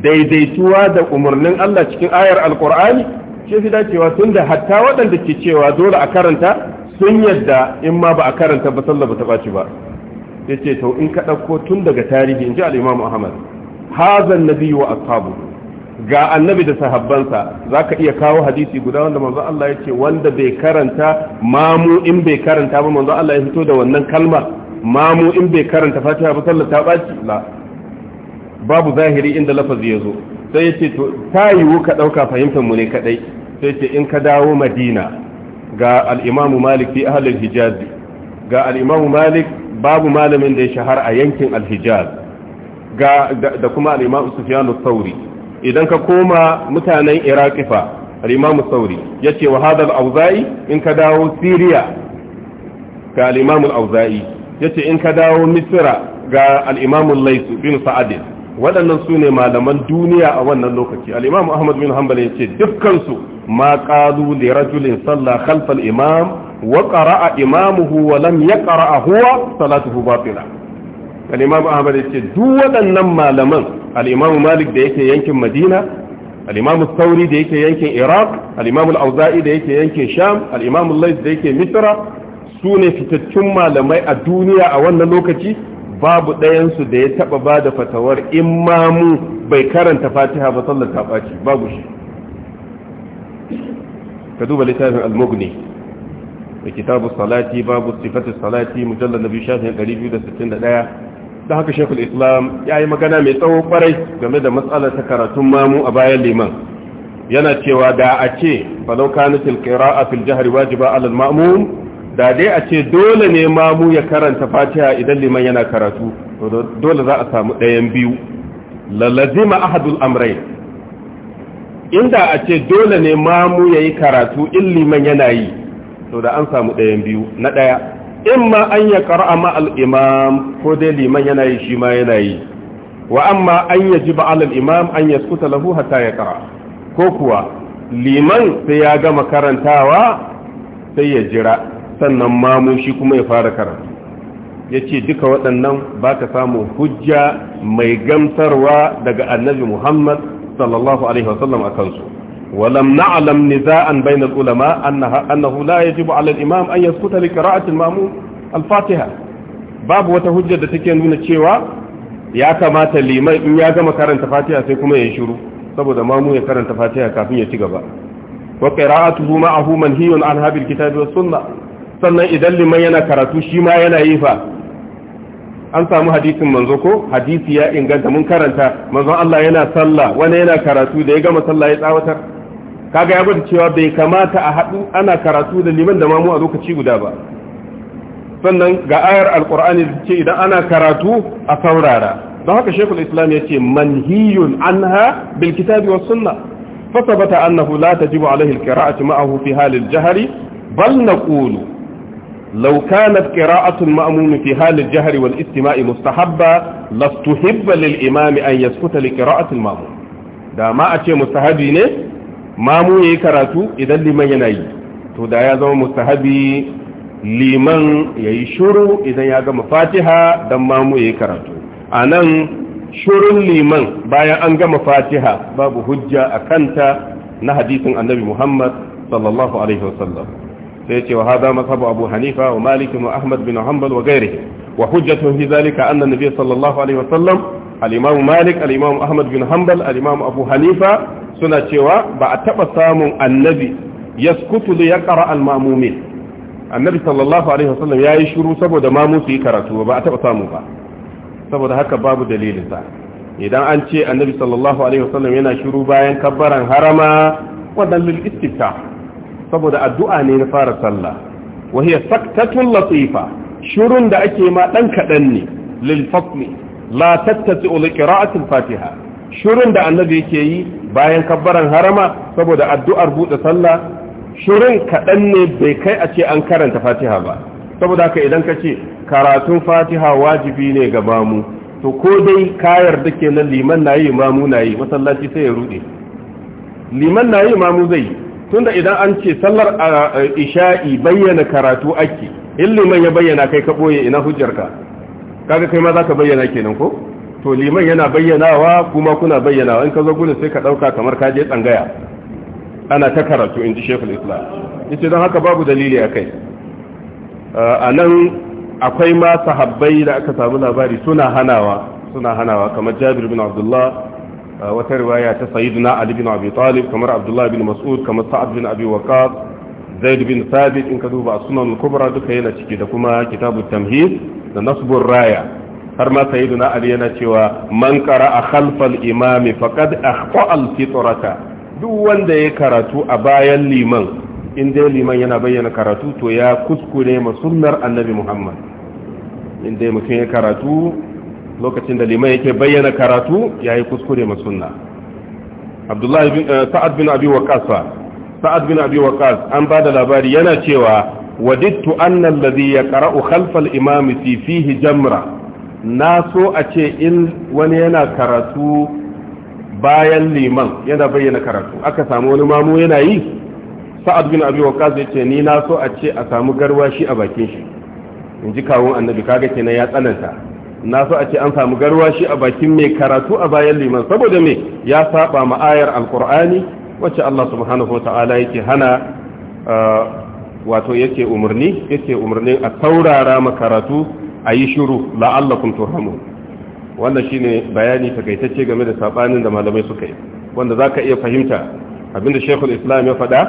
daidaituwa da umarnin Allah cikin ayar alkur'ani ce fi dacewa tun da hatta waɗanda ke cewa dole a karanta sun yadda in ma ba a karanta ba sallar ba ta ɓaci ba ya ce to in ka ɗauko tun daga tarihi in ji al'imamu ahmad hazan nabi wa ashabu ga annabi da sahabbansa za ka iya kawo hadisi guda wanda manzo Allah ya ce wanda bai karanta mamu in bai karanta ba manzo Allah ya fito da wannan kalma mamu in bai karanta fatiha ba sallar ta baci la babu zahiri inda lafazi ya zo sai ya ce to ta yiwu ka ɗauka fahimtar mu ne kaɗai sai ce in ka dawo madina ga al'imamu malik fi al hijazi ga al'imamu malik babu malamin da ya shahara a yankin alhijaz ga da kuma al-imamu sufyanu sauri idan ka koma mutanen iraki fa al'imamu imam sauri yace wa hadha auzai in ka dawo siriya ga al'imamu imam ya auzai yace in ka dawo misra ga al'imamu imam bin sa'ad waɗannan su ne malaman duniya a wannan lokaci al'imamu ahmad bin hanbal yace dukkan su ma qalu li rajulin salla khalfa al-imam wa qara'a imamuhu wa lam yaqra'a huwa salatuhu batila al-imam ahmad yace duk waɗannan malaman al malik da yake yankin madina al sauri da yake yankin iraq al-imam al-auza'i da yankin sham al-imam al-lays da yake misra su ne fitaccun malamai a duniya a wannan lokaci babu ɗayansu da ya taɓa ba da fatawar imamu bai karanta fatiha ba sallar ta ɓaci babu shi ka duba littafin da kitabu salati babu salati mujallar na biyu da haka shekul islam ya yi magana mai tsawo kwarai game da matsalar ta karatun mamu a bayan liman yana cewa da a ce falau kanatil qira'a fil jahri wajiba alal ma'mum da dai a ce dole ne mamu ya karanta fatiha idan liman yana karatu dole za a samu ɗayan biyu lalazima ahadul amrai inda a ce dole ne mamu yayi karatu in liman yana yi to da an samu ɗayan biyu na ɗaya imma an ya qara'a ma ma'al imam ko dai liman yana yi shi ma yana yi wa amma an ya ji al-imam an ya suka lahu hata ya kara ko kuwa liman sai ya gama karantawa sai ya jira sannan mamu shi kuma ya fara karanta ce duka waɗannan ba ka samu hujja mai gamsarwa daga annabi Muhammad sallallahu alaihi wasallam a kansu. ولم نعلم نزاعا بين العلماء أنها أنه لا يجب على الإمام أن يسكت لقراءة المأموم الفاتحة باب وتهجة تكين nuna cewa ya kamata liman in ya gama karanta fatiha sai kuma ya yi shiru saboda mamu ya karanta fatiha kafin ya ci gaba wa qira'atuhu a manhiyun an habil kitabi sunna sannan idan liman yana karatu shi ma yana yi fa an samu hadisin manzo ko hadisi ya inganta mun karanta manzo Allah yana sallah wani yana karatu da ya gama sallah ya tsawatar kaga ya gwada cewa bai kamata a haɗu ana karatu da liman da mamu a lokaci guda ba sannan ga ayar alkur'ani da ce idan ana karatu a saurara don haka shekul islam ya ce manhiyun anha bil kitabi was sunna فثبت أنه لا تجب عليه القراءة معه halin حال bal na نقول لو كانت قراءة المأمون في حال الجهر والاستماع مستحبة لاستحب للإمام أن يسكت لقراءة المأمون da ma a ce mustahabi ne mamu yi karatu idan liman yana yi to da ya zama mustahabi liman ya yi shuru idan ya gama fatiha dan mamu yi karatu A nan shurun liman bayan an gama fatiha babu hujja a kanta na hadisin annabi muhammad sallallahu alaihi wasallam sai ce wa hada mazhabu abu hanifa wa malik wa ahmad bin hanbal wa ghairihi wa hujjatu fi zalika anna nabiy sallallahu alaihi wasallam al-imam malik al-imam ahmad bin hanbal al-imam abu hanifa suna cewa ba a taɓa samun annabi ya skutu ya ƙara almamumin annabi sallallahu alaihi wasallam ya yi shuru saboda mamu su yi karatu ba a taɓa samu ba saboda haka babu dalilin dalilinsa idan an ce annabi sallallahu alaihi wasallam yana shuru bayan kabbaran harama wannan lil istifta saboda addu'a ne na fara sallah wa hiya saktatun latifa shurun da ake ma dan kadan ne lil fatmi la tattasi ul qira'atil fatiha shirin da annabi yake yi bayan kabbaran harama saboda addu'ar buɗe sallah shirin kaɗan ne bai kai a ce an karanta fatiha ba saboda haka idan ka ce karatun fatiha wajibi ne ga mamu to ko dai kayar da ke nan liman na yi mamu na yi masallaci sai ya rude liman na yi mamu zai tunda idan an ce sallar isha'i bayyana karatu ake in liman ya bayyana kai ka ɓoye ina hujjarka kaga kai ma za ka bayyana kenan ko to liman yana bayyanawa kuma kuna bayyanawa in ka zo gudu sai ka ɗauka kamar ka je tsangaya ana ta karatu in ji shekul islam yace don haka babu dalili a kai a nan akwai ma sahabbai da aka samu labari suna hanawa suna hanawa kamar jabir bin abdullah wata riwaya ta sayyidina ali bin abi talib kamar abdullah bin mas'ud kamar sa'ad bin abi waqas zaid bin thabit in ka duba sunan kubra duka yana ciki da kuma kitabut tamhid da nasbur raya har ma sayyiduna ali yana cewa man kara a khalfal imami faqad akhfa al fitrata duk wanda ya karatu a bayan liman in dai liman yana bayyana karatu to ya kuskure ma sunnar annabi muhammad in dai mutum ya karatu lokacin da liman yake bayyana karatu ya yi kuskure ma sunna abdullahi bin eh, sa'ad bin abi waqas sa'ad bin abi waqas an bada labari yana cewa wadittu anna alladhi yaqra'u khalfa imami imam fi fihi jamra na so a ce in wani yana karatu bayan liman yana bayyana karatu aka samu wani mamu yana yi sa'ad bin abi waqas ce ni na so a ce a samu garwashi a bakin shi in ji kawun annabi kaga kenan ya tsananta na so a ce an samu garwashi a bakin mai karatu a bayan liman saboda mai ya saba ma'ayar ayar alqur'ani wacce Allah subhanahu wataala yake hana uh, wato yake umarni yake umarnin a taurara ma karatu a yi shiru la'allakum turhamun wannan ne bayani takaitacce game da saɓanin da malamai suka yi wanda za ka iya fahimta abinda shekul islam ya faɗa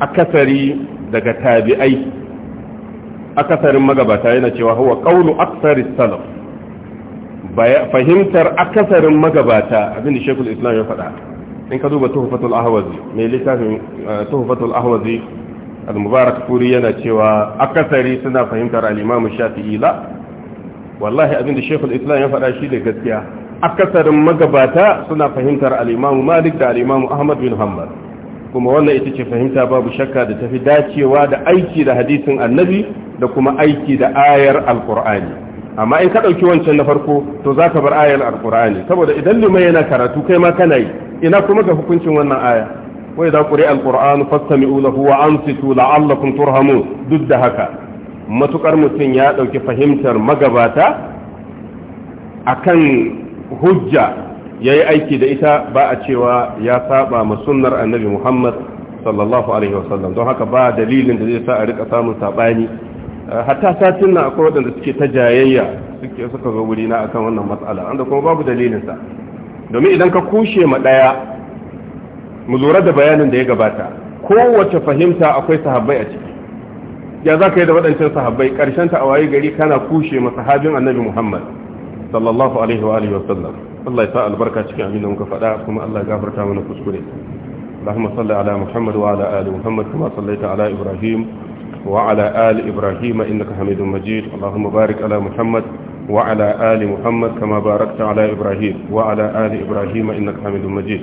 akasari daga tabi'ai akasarin magabata yana cewa huwa qawlu aksari salaf fahimtar akasarin magabata abinda shekul islam ya faɗa in ka duba tuhfatul ahwazi mai littafin eh, tuhfatul ahwazi al-mubarak furi yana cewa akasari suna fahimtar al-imam shafi'i la wallahi abin da shekul islam ya faɗa shi da gaskiya akasarin magabata suna fahimtar al-imam malik da al ahmad bin hanbal kuma wannan ita ce fahimta babu shakka da tafi dacewa da aiki da hadisin annabi da kuma aiki da ayar alkur'ani amma in ka ɗauki wancan na farko to za ka bar ayar alkur'ani saboda idan limai yana karatu kai ma kana yi ina kuma ga hukuncin wannan aya wa idza quri'a alquran fastami'u lahu wa ansitu la'allakum turhamun duk da haka matukar mutum ya ɗauki fahimtar magabata akan hujja yayi aiki da ita ba a cewa ya saba ma sunnar annabi Muhammad sallallahu alaihi wasallam don haka ba dalilin da zai sa a rika samun sabani hatta satin nan akwai waɗanda suke ta jayayya suke ga zo wurina akan wannan matsala da kuma babu dalilinsa domin idan ka kushe ma ɗaya mu lura da bayanin da ya gabata kowace fahimta akwai sahabbai a ciki ya za ka yi da waɗancan sahabbai ƙarshen ta a waye gari kana kushe masahabin annabi muhammad sallallahu alaihi wa alihi wasallam Allah ya sa albarka cikin abin da muka faɗa kuma Allah ya gafarta mana kuskure اللهم صل على محمد وعلى آل محمد كما صليت على إبراهيم وعلى آل إبراهيم إنك حميد مجيد اللهم بارك على محمد وعلى آل محمد كما باركت على إبراهيم وعلى آل إبراهيم إنك حميد مجيد